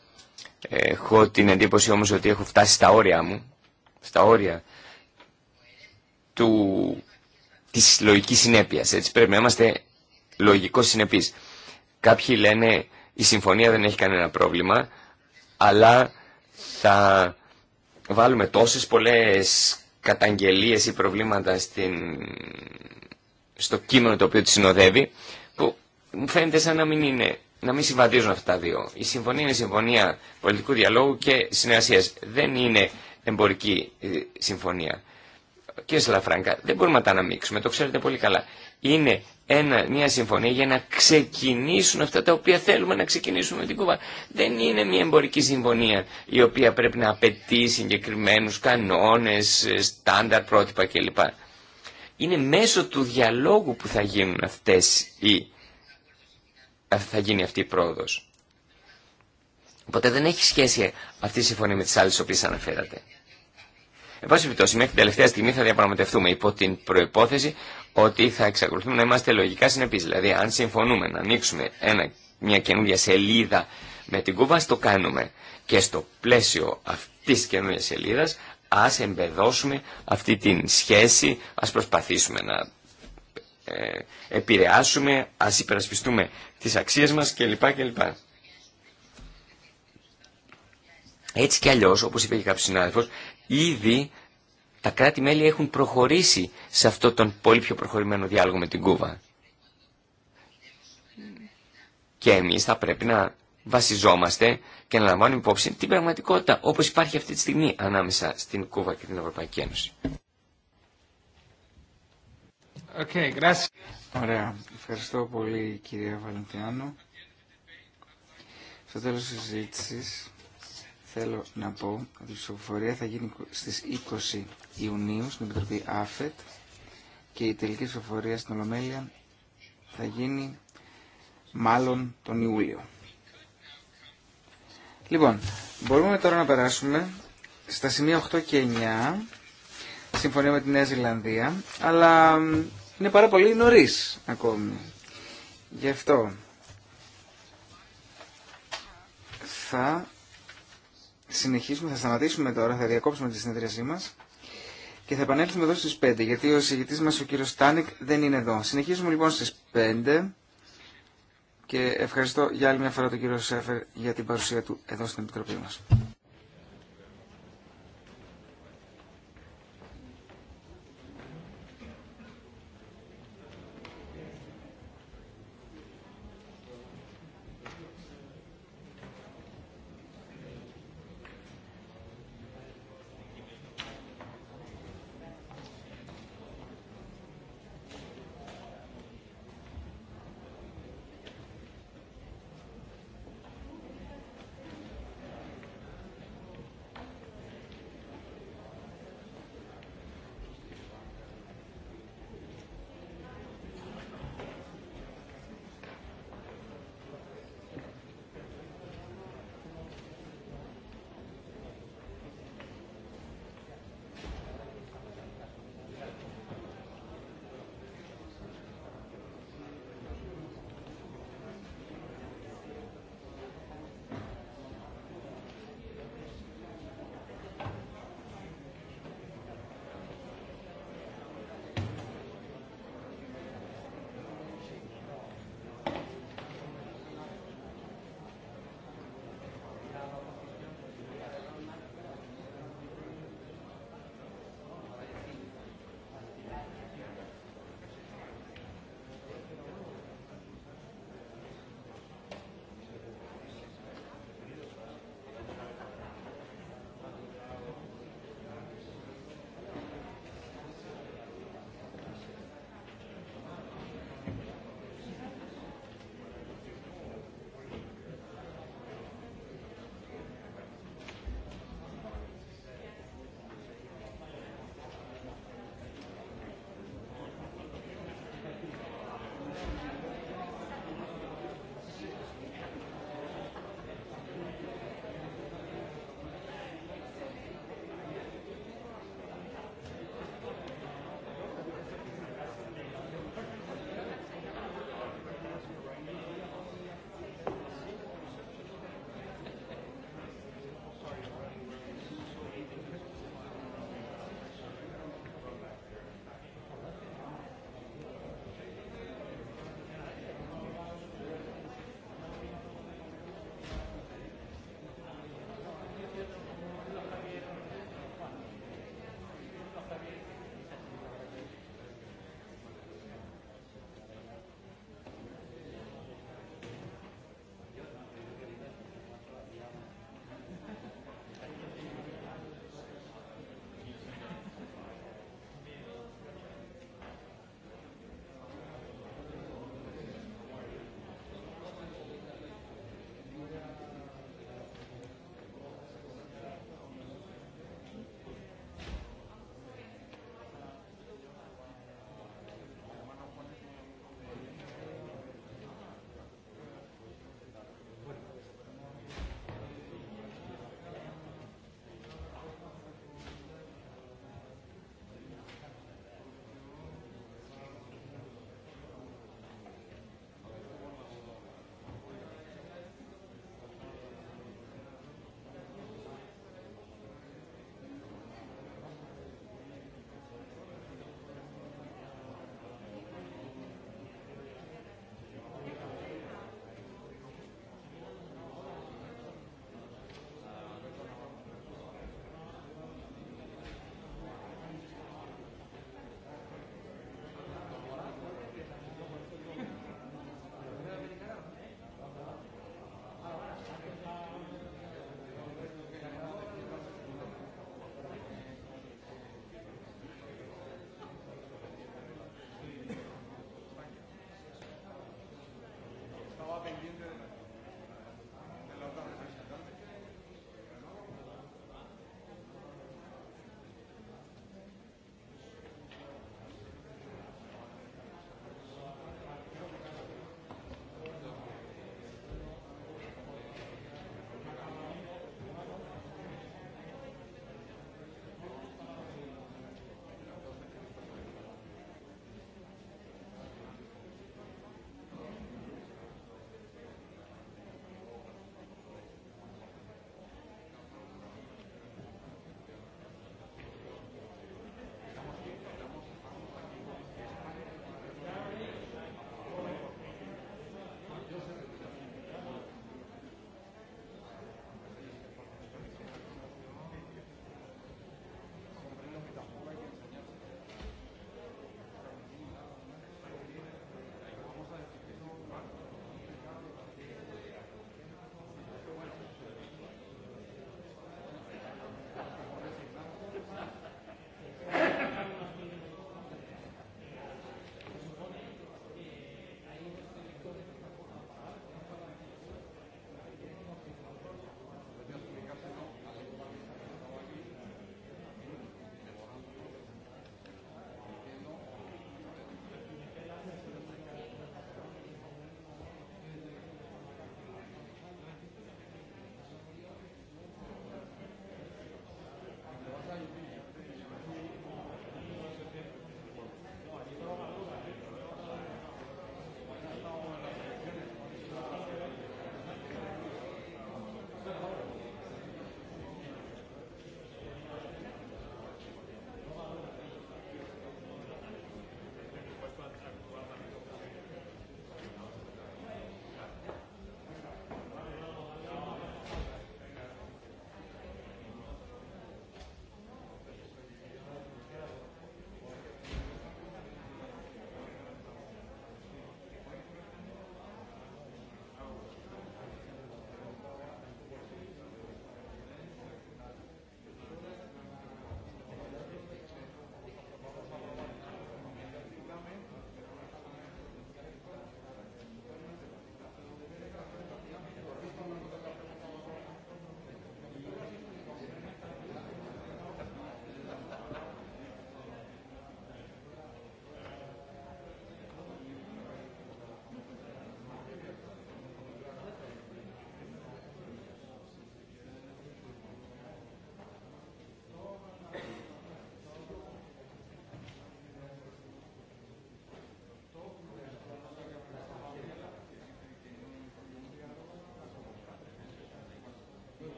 Έχω την εντύπωση όμως ότι έχω φτάσει στα όρια μου, στα όρια του της λογικής συνέπειας. Έτσι πρέπει να είμαστε λογικός συνεπείς. Κάποιοι λένε η συμφωνία δεν έχει κανένα πρόβλημα, αλλά θα βάλουμε τόσες πολλές καταγγελίες ή προβλήματα στο κείμενο το οποίο τη συνοδεύει, που μου φαίνεται σαν να μην είναι να μην συμβαδίζουν αυτά τα δύο. Η συμφωνία είναι συμφωνία πολιτικού διαλόγου και συνεργασία Δεν είναι εμπορική ε, συμφωνία κύριε Σαλαφράγκα, δεν μπορούμε να τα αναμίξουμε, το ξέρετε πολύ καλά. Είναι μια συμφωνία για να ξεκινήσουν αυτά τα οποία θέλουμε να ξεκινήσουμε με την Κούβα. Δεν είναι μια εμπορική συμφωνία η οποία πρέπει να απαιτεί συγκεκριμένους κανόνες, στάνταρ πρότυπα κλπ. Είναι μέσω του διαλόγου που θα γίνουν αυτές οι, θα γίνει αυτή η πρόοδος. Οπότε δεν έχει σχέση αυτή η συμφωνία με τις άλλες οποίες αναφέρατε. Εν πάση περιπτώσει, μέχρι την τελευταία στιγμή θα διαπραγματευτούμε υπό την προπόθεση ότι θα εξακολουθούμε να είμαστε λογικά συνεπεί. Δηλαδή, αν συμφωνούμε να ανοίξουμε ένα, μια καινούργια σελίδα με την Κούβα, το κάνουμε. Και στο πλαίσιο αυτή τη καινούργια σελίδα, α εμπεδώσουμε αυτή την σχέση, α προσπαθήσουμε να ε, επηρεάσουμε, α υπερασπιστούμε τι αξίε μα κλπ. κλπ. Έτσι κι αλλιώ, όπω είπε και κάποιο συνάδελφο, Ήδη τα κράτη-μέλη έχουν προχωρήσει σε αυτό τον πολύ πιο προχωρημένο διάλογο με την Κούβα. Και εμείς θα πρέπει να βασιζόμαστε και να λαμβάνουμε υπόψη την πραγματικότητα όπως υπάρχει αυτή τη στιγμή ανάμεσα στην Κούβα και την Ευρωπαϊκή Ένωση. Okay, gracias. Ωραία. Ευχαριστώ πολύ κυρία Βαλεντιάνο. Στο τέλος της συζήτησης θέλω να πω ότι η ψηφοφορία θα γίνει στις 20 Ιουνίου στην Επιτροπή ΑΦΕΤ και η τελική ψηφοφορία στην Ολομέλεια θα γίνει μάλλον τον Ιούλιο. Λοιπόν, μπορούμε τώρα να περάσουμε στα σημεία 8 και 9, συμφωνία με τη Νέα Ζηλανδία, αλλά είναι πάρα πολύ νωρίς ακόμη. Γι' αυτό θα συνεχίσουμε, θα σταματήσουμε τώρα, θα διακόψουμε τη συνεδρίασή μα και θα επανέλθουμε εδώ στι 5, γιατί ο συγγητή μα, ο κύριο Τάνικ δεν είναι εδώ. Συνεχίζουμε λοιπόν στι 5 και ευχαριστώ για άλλη μια φορά τον κύριο Σέφερ για την παρουσία του εδώ στην Επιτροπή μας.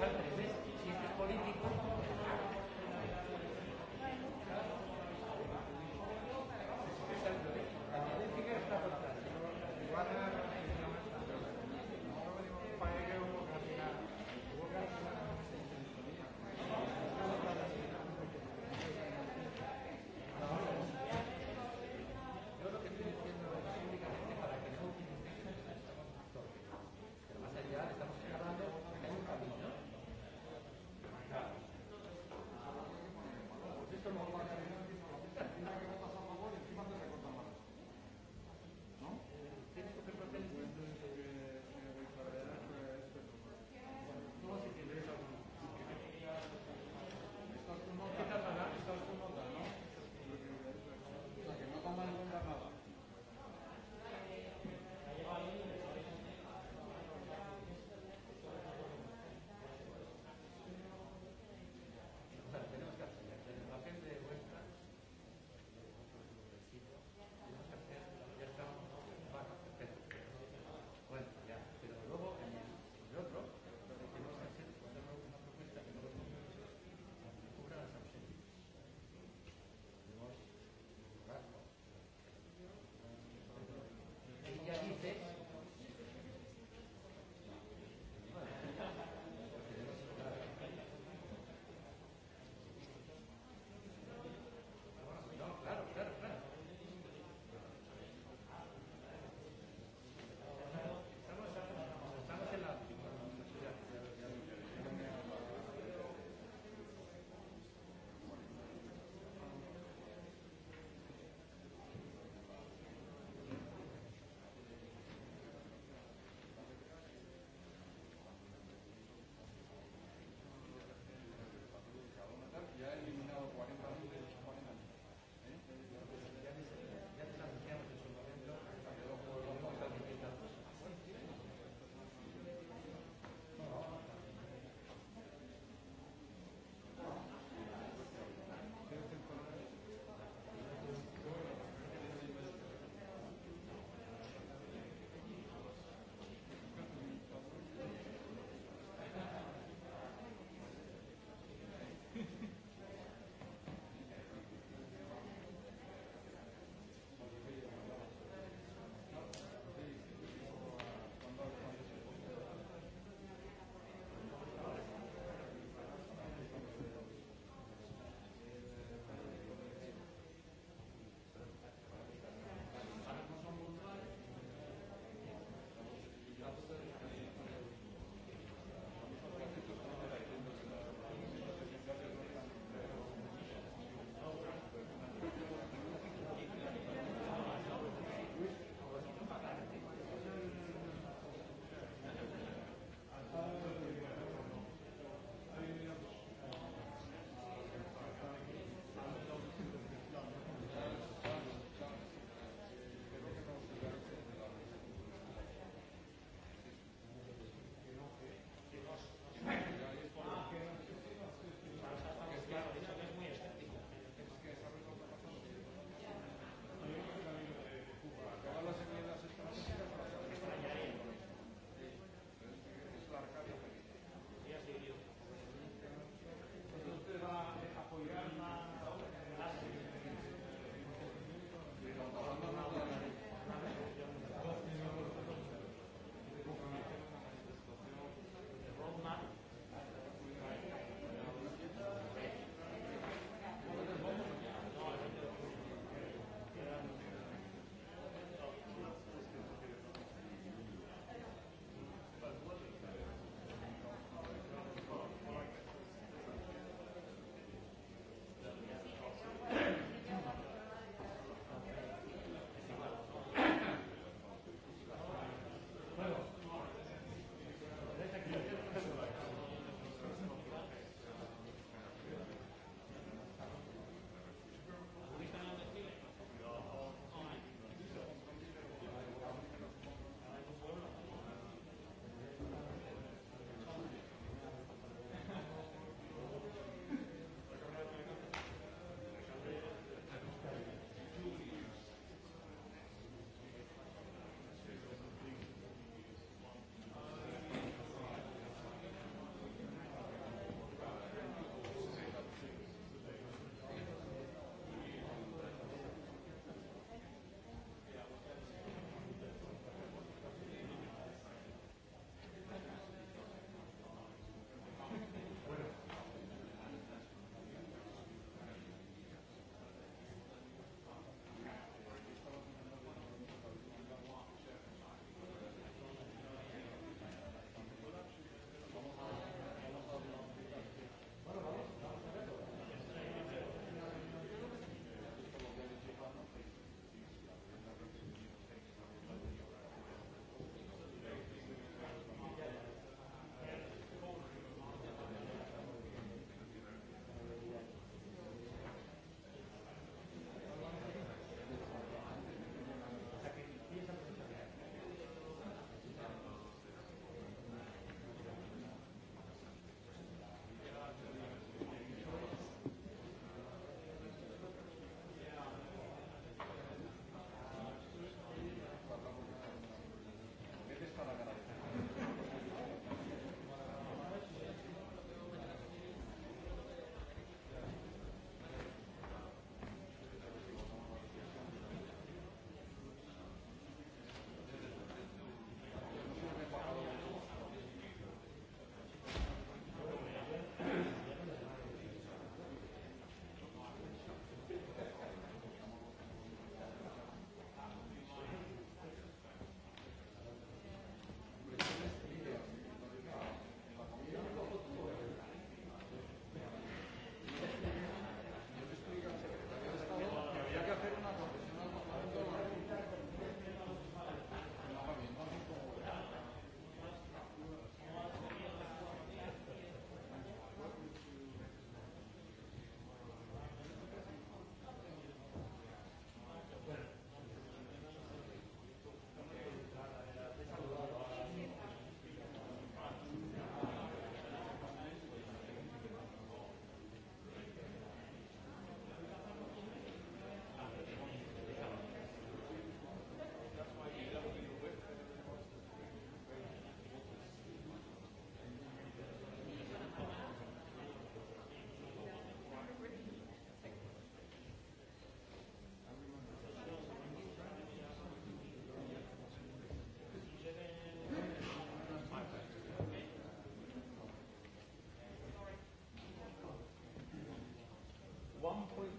Υπότιτλοι στον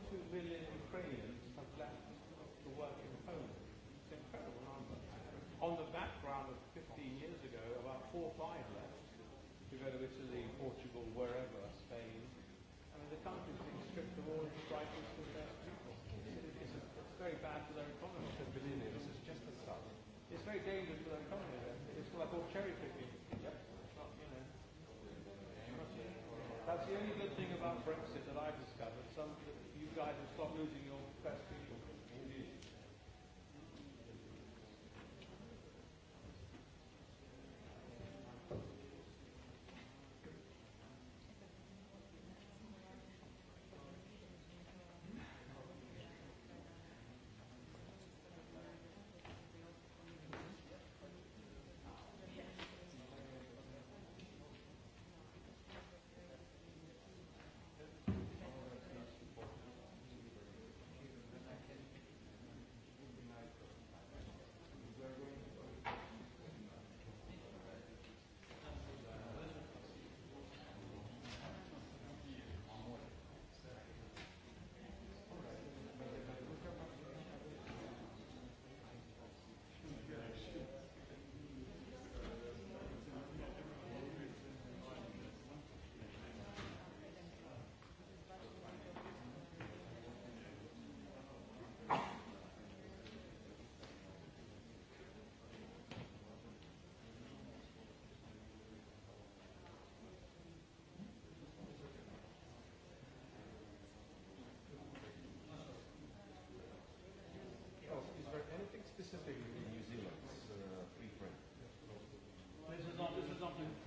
two million Ukrainians have left to work in Poland. It's an incredible number. On the background of 15 years ago, about four or five left to go to Italy, Portugal, wherever, Spain. I mean, the country's been stripped of all its rights to the best people. It's very bad for their economy to believe This is just a start. It's very dangerous for their economy. It's like all cherry picking. That's the only good thing about Brexit that I've discovered. Some guys to stop losing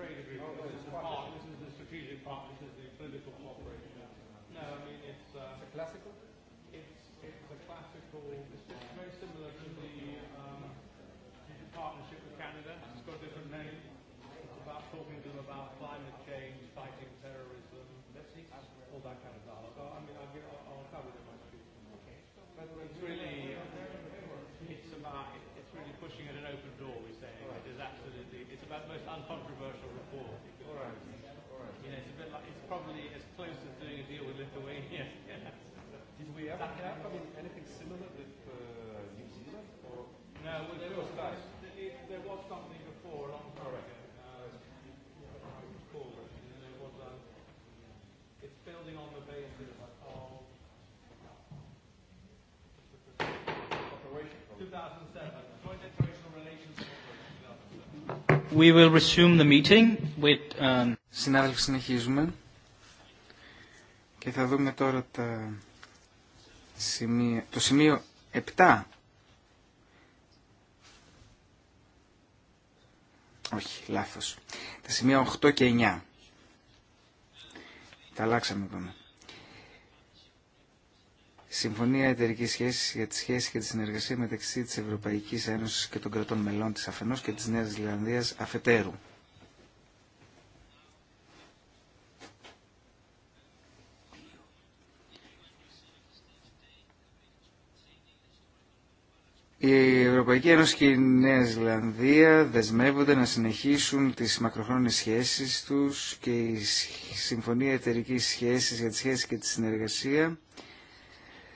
trade agreement. This is part. This is the strategic part. This is the political cooperation. No, I mean it's. Uh, a classical. It's it's a classical. It's very similar to the um, partnership with Canada. It's got a different name. It's about talking to them about climate change, fighting terrorism, all that kind of dialogue. I mean, I'll, I'll, I'll cover them. in my It's really. It's about. It's really pushing at an open door about the most uncontroversial report. All right. All right. You know, it's a bit like, it's probably as close as doing a deal with Lithuania. Did we ever have, I mean, We will resume the meeting with, um, Συνάδελφοι, συνεχίζουμε και θα δούμε τώρα τα σημεία. Το σημείο 7. Όχι, λάθος. Τα σημεία 8 και 9. Τα αλλάξαμε είπαμε. Συμφωνία εταιρική σχέση για τη σχέση και τη συνεργασία μεταξύ τη Ευρωπαϊκή Ένωση και των κρατών μελών τη αφενό και τη Νέα Ζηλανδία αφετέρου. Η Ευρωπαϊκή Ένωση και η Νέα Ζηλανδία δεσμεύονται να συνεχίσουν τις μακροχρόνιες σχέσεις τους και η Συμφωνία Εταιρικής Σχέσης για τη Σχέση και τη Συνεργασία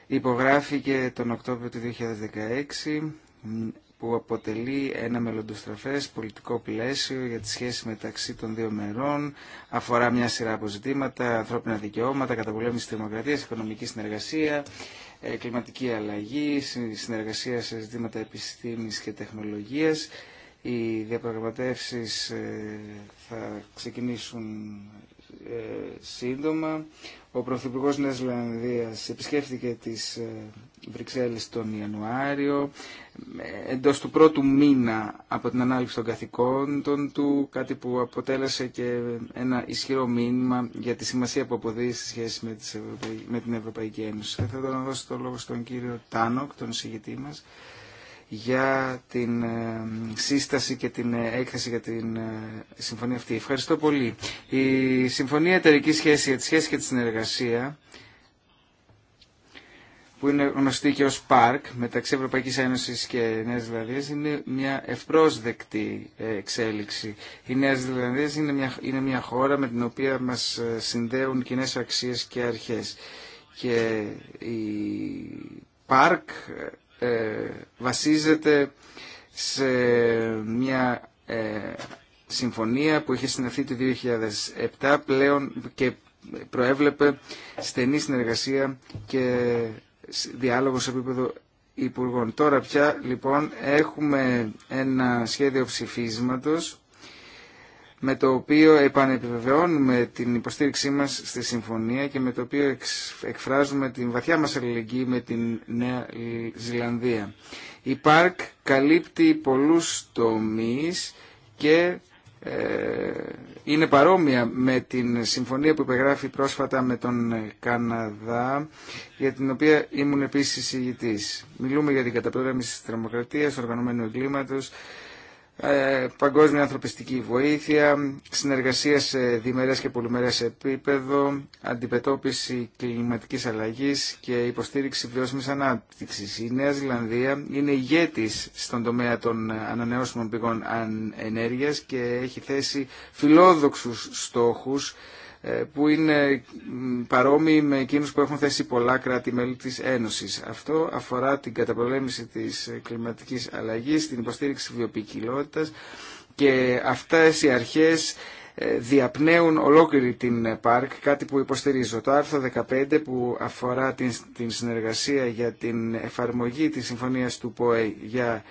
υπογράφηκε τον Οκτώβριο του 2016 που αποτελεί ένα μελλοντοστραφές πολιτικό πλαίσιο για τη σχέση μεταξύ των δύο μερών. Αφορά μια σειρά αποζητήματα, ανθρώπινα δικαιώματα, καταπολέμηση της δημοκρατίας, οικονομική συνεργασία, ε, κλιματική αλλαγή, συνεργασία σε ζητήματα επιστήμης και τεχνολογίας. Οι διαπραγματεύσεις ε, θα ξεκινήσουν ε, σύντομα. Ο Πρωθυπουργό Νέα Ζηλανδία επισκέφθηκε τι ε, Βρυξέλλε τον Ιανουάριο. Ε, Εντό του πρώτου μήνα από την ανάληψη των καθηκόντων του, κάτι που αποτέλεσε και ένα ισχυρό μήνυμα για τη σημασία που αποδίδει στη σχέση με, με την Ευρωπαϊκή Ένωση. Θα ήθελα να δώσω το λόγο στον κύριο Τάνοκ, τον συγητή μα, για την ε, σύσταση και την ε, έκθεση για την ε, συμφωνία αυτή. Ευχαριστώ πολύ. Η Συμφωνία Εταιρική Σχέση για τη Σχέση και τη Συνεργασία που είναι γνωστή και ως ΠΑΡΚ μεταξύ Ευρωπαϊκής Ένωσης και Νέας Ζηλανδίας είναι μια ευπρόσδεκτη εξέλιξη. Η Νέα Ζηλανδία είναι μια, είναι μια χώρα με την οποία μας συνδέουν κοινέ αξίες και αρχές. Και η ΠΑΡΚ ε, βασίζεται σε μια ε, συμφωνία που είχε συνεχθεί το 2007 πλέον και προέβλεπε στενή συνεργασία και διάλογο σε επίπεδο υπουργών. Τώρα πια λοιπόν έχουμε ένα σχέδιο ψηφίσματος με το οποίο επανεπιβεβαιώνουμε την υποστήριξή μας στη συμφωνία και με το οποίο εκφράζουμε την βαθιά μας αλληλεγγύη με την Νέα Ζηλανδία. Η ΠΑΡΚ καλύπτει πολλούς τομείς και ε, είναι παρόμοια με την συμφωνία που υπεγράφει πρόσφατα με τον Καναδά, για την οποία ήμουν επίσης ηγητής. Μιλούμε για την καταπλήρωση της τρομοκρατίας, οργανωμένου εγκλήματος, ε, παγκόσμια ανθρωπιστική βοήθεια, συνεργασία σε διμερές και πολυμερές επίπεδο, αντιπετώπιση κλιματικής αλλαγής και υποστήριξη βιώσιμης ανάπτυξης. Η Νέα Ζηλανδία είναι ηγέτης στον τομέα των ανανεώσιμων πηγών ενέργειας και έχει θέσει φιλόδοξους στόχους ε, που είναι παρόμοιοι με εκείνους που έχουν θέσει πολλά κράτη-μέλη της Ένωσης. Αυτό αφορά την καταπολέμηση της ε, κλιματικής αλλαγής, την υποστήριξη βιοποικιλότητας και αυτές οι αρχές ε, διαπνέουν ολόκληρη την ΠΑΡΚ, κάτι που υποστηρίζω. Το άρθρο 15 που αφορά την, συνεργασία για την εφαρμογή της συμφωνίας του ΠΟΕ για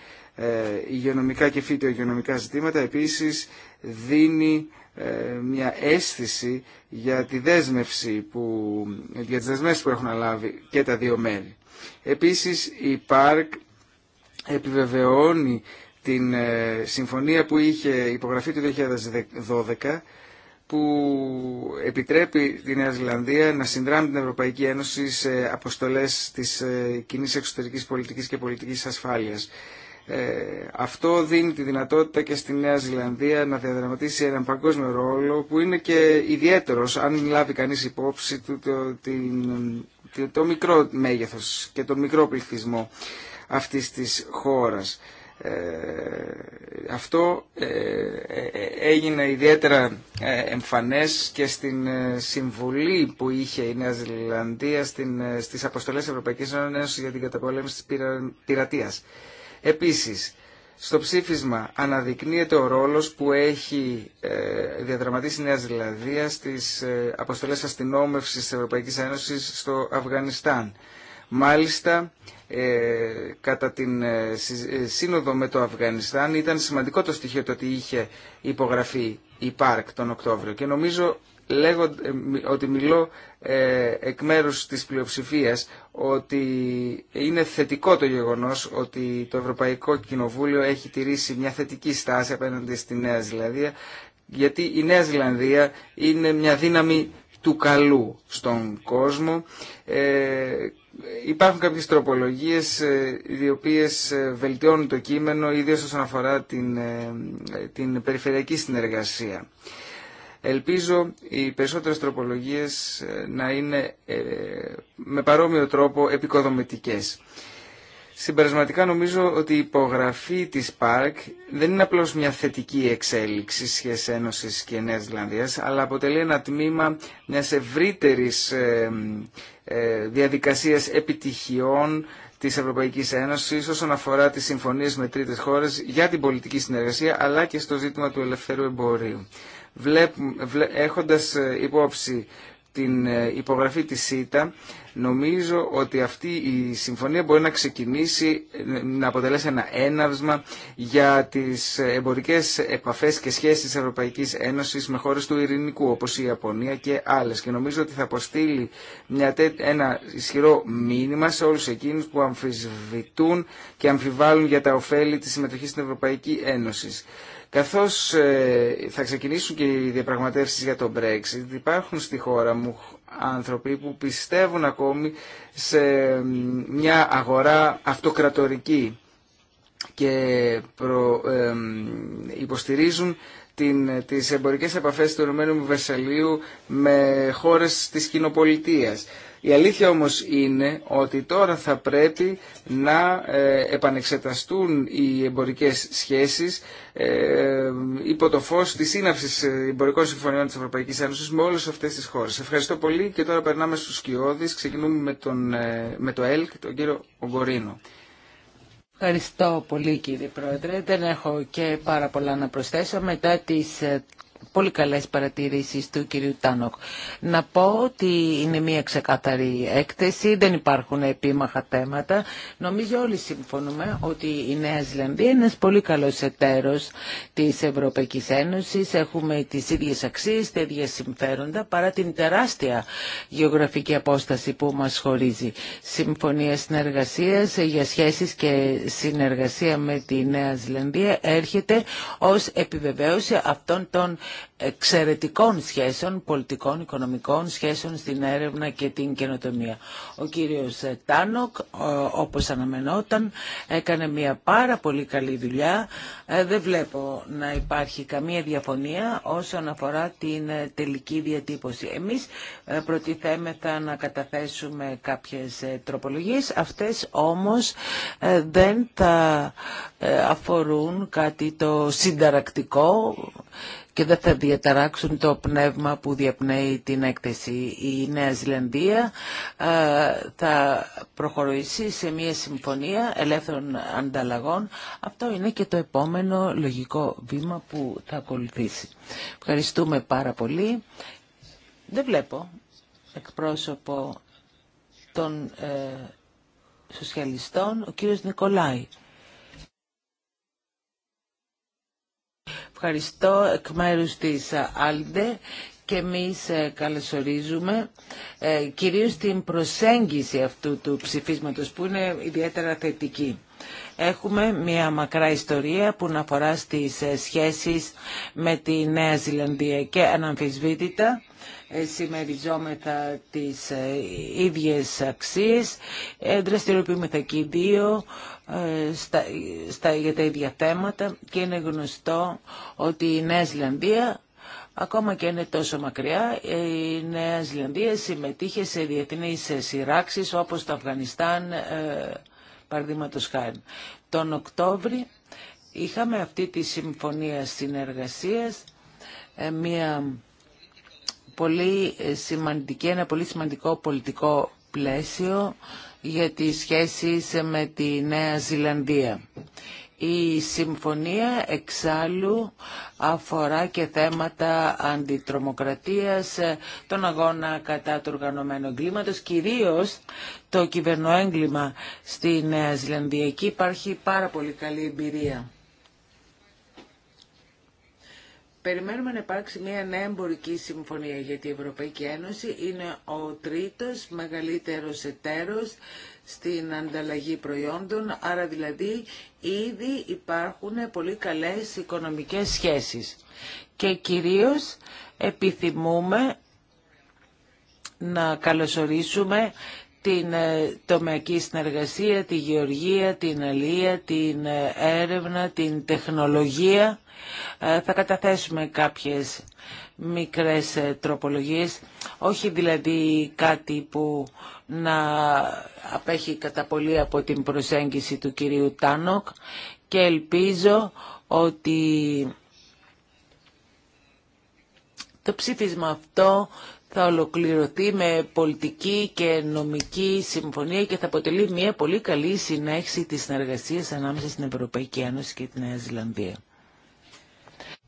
υγειονομικά και φυτο-υγειονομικά ζητήματα επίσης δίνει ε, μια αίσθηση για τη δέσμευση που, για τις δεσμεύσεις που έχουν λάβει και τα δύο μέλη. Επίσης η ΠΑΡΚ επιβεβαιώνει την ε, συμφωνία που είχε υπογραφεί το 2012 που επιτρέπει την Ζηλανδία να συνδράμει την Ευρωπαϊκή Ένωση σε αποστολές της ε, κοινής εξωτερικής πολιτικής και πολιτικής ασφάλειας. Ε, αυτό δίνει τη δυνατότητα και στη Νέα Ζηλανδία να διαδραματίσει έναν παγκόσμιο ρόλο που είναι και ιδιαίτερος αν λάβει κανείς υπόψη του το, το μικρό μέγεθος και τον μικρό πληθυσμό αυτής της χώρας. Ε, αυτό ε, έγινε ιδιαίτερα εμφανές και στην συμβουλή που είχε η Νέα Ζηλανδία στην, στις αποστολές Ευρωπαϊκής Ένωσης για την καταπολέμηση της πειρα, Επίσης, στο ψήφισμα αναδεικνύεται ο ρόλος που έχει ε, διαδραματίσει η Νέα στις ε, αποστολές αστυνόμευσης της Ευρωπαϊκής Ένωσης στο Αφγανιστάν. Μάλιστα, ε, κατά την σύνοδο με το Αφγανιστάν ήταν σημαντικό το στοιχείο το ότι είχε υπογραφεί η ΠΑΡΚ τον Οκτώβριο και νομίζω λέγον, ε, ότι μιλώ ε, εκ μέρους της πλειοψηφίας ότι είναι θετικό το γεγονός ότι το Ευρωπαϊκό Κοινοβούλιο έχει τηρήσει μια θετική στάση απέναντι στη Νέα Ζηλανδία γιατί η Νέα Ζηλανδία είναι μια δύναμη του καλού στον κόσμο. Ε, υπάρχουν κάποιες τροπολογίες οι οποίες βελτιώνουν το κείμενο, ιδίως όσον αφορά την, την περιφερειακή συνεργασία. Ελπίζω οι περισσότερες τροπολογίες ε, να είναι ε, με παρόμοιο τρόπο επικοδομητικές. Συμπερασματικά νομίζω ότι η υπογραφή της ΠΑΡΚ δεν είναι απλώς μια θετική εξέλιξη σχέση Ένωσης και Νέας Ζηλανδίας, αλλά αποτελεί ένα τμήμα μιας ευρύτερης ε, διαδικασίας επιτυχιών της Ευρωπαϊκής Ένωσης όσον αφορά τις συμφωνίες με τρίτες χώρες για την πολιτική συνεργασία αλλά και στο ζήτημα του ελευθέρου εμπορίου βλέπουμε, έχοντας ε, υπόψη την ε, υπογραφή της ΣΥΤΑ Νομίζω ότι αυτή η συμφωνία μπορεί να ξεκινήσει, να αποτελέσει ένα έναυσμα για τις εμπορικές επαφές και σχέσεις της Ευρωπαϊκής Ένωσης με χώρες του ειρηνικού, όπως η Ιαπωνία και άλλες. Και νομίζω ότι θα αποστείλει μια ένα ισχυρό μήνυμα σε όλους εκείνους που αμφισβητούν και αμφιβάλλουν για τα ωφέλη της συμμετοχής στην Ευρωπαϊκή Ένωση. Καθώς ε, θα ξεκινήσουν και οι διαπραγματεύσεις για το Brexit, υπάρχουν στη χώρα μου άνθρωποι που πιστεύουν ακόμη σε μια αγορά αυτοκρατορική και προ, υποστηρίζουν την, τις εμπορικές επαφές του Ηνωμένου Βεσσαλίου με χώρες της κοινοπολιτείας. Η αλήθεια όμως είναι ότι τώρα θα πρέπει να ε, επανεξεταστούν οι εμπορικές σχέσεις ε, υπό το φως της σύναψης ε, εμπορικών συμφωνιών της Ευρωπαϊκής Ένωσης με όλες αυτές τις χώρες. Ευχαριστώ πολύ και τώρα περνάμε στους Σκιώδης. Ξεκινούμε με, τον, με το ΕΛΚ, τον κύριο Ογκορίνο. Ευχαριστώ πολύ κύριε Πρόεδρε. Δεν έχω και πάρα πολλά να προσθέσω μετά τις πολύ καλές παρατηρήσεις του κυρίου Τάνοκ. Να πω ότι είναι μια ξεκάθαρη έκθεση, δεν υπάρχουν επίμαχα θέματα. Νομίζω όλοι συμφωνούμε ότι η Νέα Ζηλανδία είναι ένας πολύ καλός εταίρος της Ευρωπαϊκής Ένωσης. Έχουμε τις ίδιες αξίες, τα ίδια συμφέροντα, παρά την τεράστια γεωγραφική απόσταση που μας χωρίζει. Συμφωνία συνεργασίας για σχέσεις και συνεργασία με τη Νέα Ζηλανδία έρχεται ως επιβεβαίωση αυτών των εξαιρετικών σχέσεων, πολιτικών, οικονομικών σχέσεων στην έρευνα και την καινοτομία. Ο κύριος Τάνοκ, όπως αναμενόταν, έκανε μια πάρα πολύ καλή δουλειά. Ε, δεν βλέπω να υπάρχει καμία διαφωνία όσον αφορά την ε, τελική διατύπωση. Εμείς ε, προτιθέμεθα να καταθέσουμε κάποιες τροπολογίες, αυτές όμως δεν θα αφορούν κάτι το συνταρακτικό και δεν θα διαταράξουν το πνεύμα που διαπνέει την έκθεση. Η Νέα Ζηλανδία ε, θα προχωρήσει σε μια συμφωνία ελεύθερων ανταλλαγών. Αυτό είναι και το επόμενο λογικό βήμα που θα ακολουθήσει. Ευχαριστούμε πάρα πολύ. Δεν βλέπω εκπρόσωπο των ε, σοσιαλιστών, ο κύριος Νικολάη. Ευχαριστώ εκ μέρους της Άλντε και εμείς ε, καλωσορίζουμε ε, κυρίως την προσέγγιση αυτού του ψηφίσματος που είναι ιδιαίτερα θετική. Έχουμε μια μακρά ιστορία που να αφορά στις ε, σχέσεις με τη Νέα Ζηλανδία και αναμφισβήτητα ε, συμμεριζόμεθα τις ε, ίδιες αξίες, δραστηριοποιούμεθα και οι δύο στα, στα, για τα ίδια θέματα και είναι γνωστό ότι η Νέα Ζηλανδία Ακόμα και είναι τόσο μακριά, η Νέα Ζηλανδία συμμετείχε σε διεθνείς σειράξεις όπως το Αφγανιστάν, Παραδείγματο χάρη. Τον Οκτώβρη είχαμε αυτή τη συμφωνία συνεργασίας, ε, μια πολύ σημαντική, ένα πολύ σημαντικό πολιτικό πλαίσιο για τις σχέσεις με τη Νέα Ζηλανδία. Η συμφωνία εξάλλου αφορά και θέματα αντιτρομοκρατίας, ε, τον αγώνα κατά του οργανωμένου εγκλήματος, κυρίως το κυβερνοέγκλημα στη Νέα ε, Ζηλανδία. Εκεί υπάρχει πάρα πολύ καλή εμπειρία. Περιμένουμε να υπάρξει μια νέα εμπορική συμφωνία γιατί η Ευρωπαϊκή Ένωση είναι ο τρίτος μεγαλύτερος εταίρος στην ανταλλαγή προϊόντων, άρα δηλαδή ήδη υπάρχουν πολύ καλές οικονομικές σχέσεις. Και κυρίως επιθυμούμε να καλωσορίσουμε την ε, τομεακή συνεργασία, τη γεωργία, την αλία, την ε, έρευνα, την τεχνολογία. Ε, θα καταθέσουμε κάποιες μικρές τροπολογίες, όχι δηλαδή κάτι που να απέχει κατά πολύ από την προσέγγιση του κυρίου Τάνοκ και ελπίζω ότι το ψήφισμα αυτό θα ολοκληρωθεί με πολιτική και νομική συμφωνία και θα αποτελεί μια πολύ καλή συνέχιση της συνεργασίας ανάμεσα στην Ευρωπαϊκή Ένωση και τη Νέα Ζηλανδία.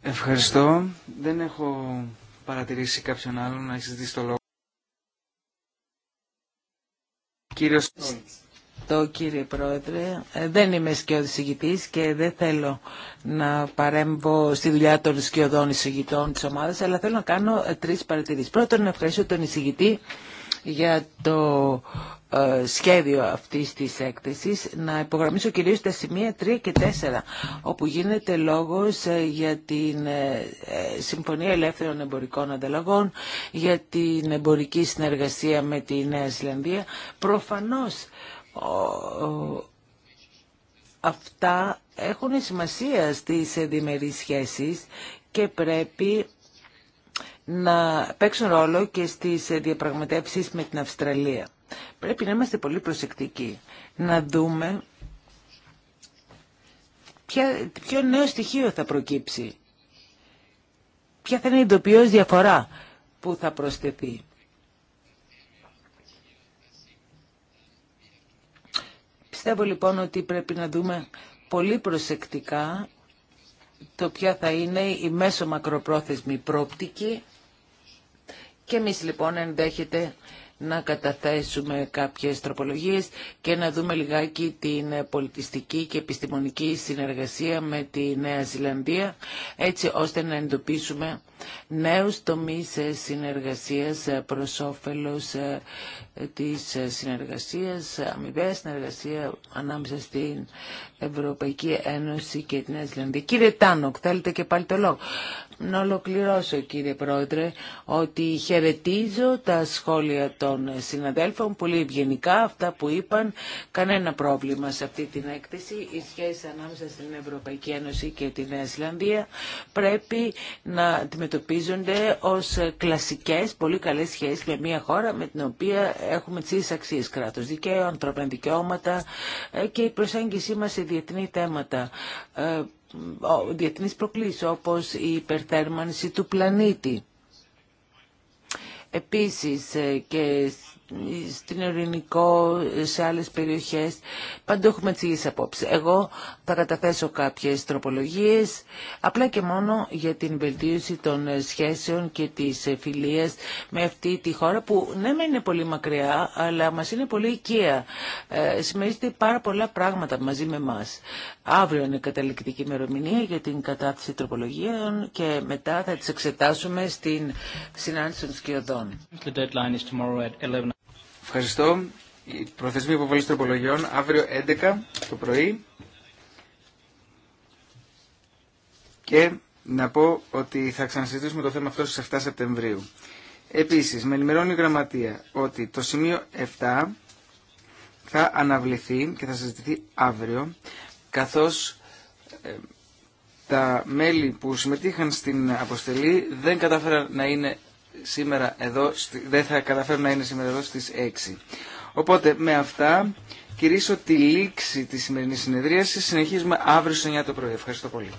Ευχαριστώ. Δεν έχω παρατηρήσει κάποιον άλλον να έχει ζητήσει το λόγο. Κύριος Ευχαριστώ κύριε Πρόεδρε. Ε, δεν είμαι σκιώδης και δεν θέλω να παρέμβω στη δουλειά των σκιωδών εισηγητών της ομάδας, αλλά θέλω να κάνω ε, τρεις παρατηρήσεις. Πρώτον, να ευχαριστώ τον εισηγητή για το ε, σχέδιο αυτής της έκθεσης να υπογραμμίσω κυρίως τα σημεία 3 και 4 όπου γίνεται λόγος για την Συμφωνία Ελεύθερων Εμπορικών Ανταλλαγών για την εμπορική συνεργασία με τη Νέα Ισλανδία προφανώς αυτά έχουν σημασία στις διμερείς σχέσεις και πρέπει να παίξουν ρόλο και στις διαπραγματεύσεις με την Αυστραλία. Πρέπει να είμαστε πολύ προσεκτικοί, να δούμε ποιο νέο στοιχείο θα προκύψει, ποια θα είναι η διαφορά που θα προσθεθεί. Πιστεύω λοιπόν ότι πρέπει να δούμε πολύ προσεκτικά το ποια θα είναι η μέσο μακροπρόθεσμη πρόπτικη και εμείς λοιπόν ενδέχεται να καταθέσουμε κάποιες τροπολογίες και να δούμε λιγάκι την πολιτιστική και επιστημονική συνεργασία με τη Νέα Ζηλανδία έτσι ώστε να εντοπίσουμε νέους τομείς ε, συνεργασίας ε, προς όφελος ε, της συνεργασίας, αμοιβαία συνεργασία ανάμεσα στην Ευρωπαϊκή Ένωση και την Ισλανδία. Κύριε Τάνοκ, θέλετε και πάλι το λόγο. Να ολοκληρώσω κύριε Πρόεδρε ότι χαιρετίζω τα σχόλια των συναδέλφων πολύ ευγενικά αυτά που είπαν κανένα πρόβλημα σε αυτή την έκθεση η σχέση ανάμεσα στην Ευρωπαϊκή Ένωση και την Ισλανδία πρέπει να αντιμετωπίζονται ως κλασικές, πολύ καλές σχέσεις με μια χώρα με την οποία έχουμε τις ίδιες αξίες κράτος δικαίου, ανθρώπινα δικαιώματα ε, και η προσέγγιση μας σε διεθνή θέματα ε, διεθνείς προκλήσεις όπως η υπερθέρμανση του πλανήτη. Επίσης ε, και στην Ελληνικό, σε άλλες περιοχές. Παντού έχουμε τις απόψεις. Εγώ θα καταθέσω κάποιες τροπολογίες, απλά και μόνο για την βελτίωση των σχέσεων και της φιλίας με αυτή τη χώρα που ναι με είναι πολύ μακριά, αλλά μας είναι πολύ οικία. Ε, πάρα πολλά πράγματα μαζί με μας. Αύριο είναι καταληκτική ημερομηνία για την κατάθεση τροπολογίων και μετά θα τις εξετάσουμε στην συνάντηση των σκιωδών. The deadline is tomorrow at 11. Ευχαριστώ. Η προθεσμία υποβολή τροπολογιών αύριο 11 το πρωί. Και να πω ότι θα ξανασυζητήσουμε το θέμα αυτό στις 7 Σεπτεμβρίου. Επίσης, με ενημερώνει η Γραμματεία ότι το σημείο 7 θα αναβληθεί και θα συζητηθεί αύριο, καθώς ε, τα μέλη που συμμετείχαν στην αποστελή δεν κατάφεραν να είναι σήμερα εδώ, δεν θα καταφέρουν να είναι σήμερα εδώ στις 6. Οπότε με αυτά κηρύσω τη λήξη της σημερινής συνεδρίασης. Συνεχίζουμε αύριο στις 9 το πρωί. Ευχαριστώ πολύ.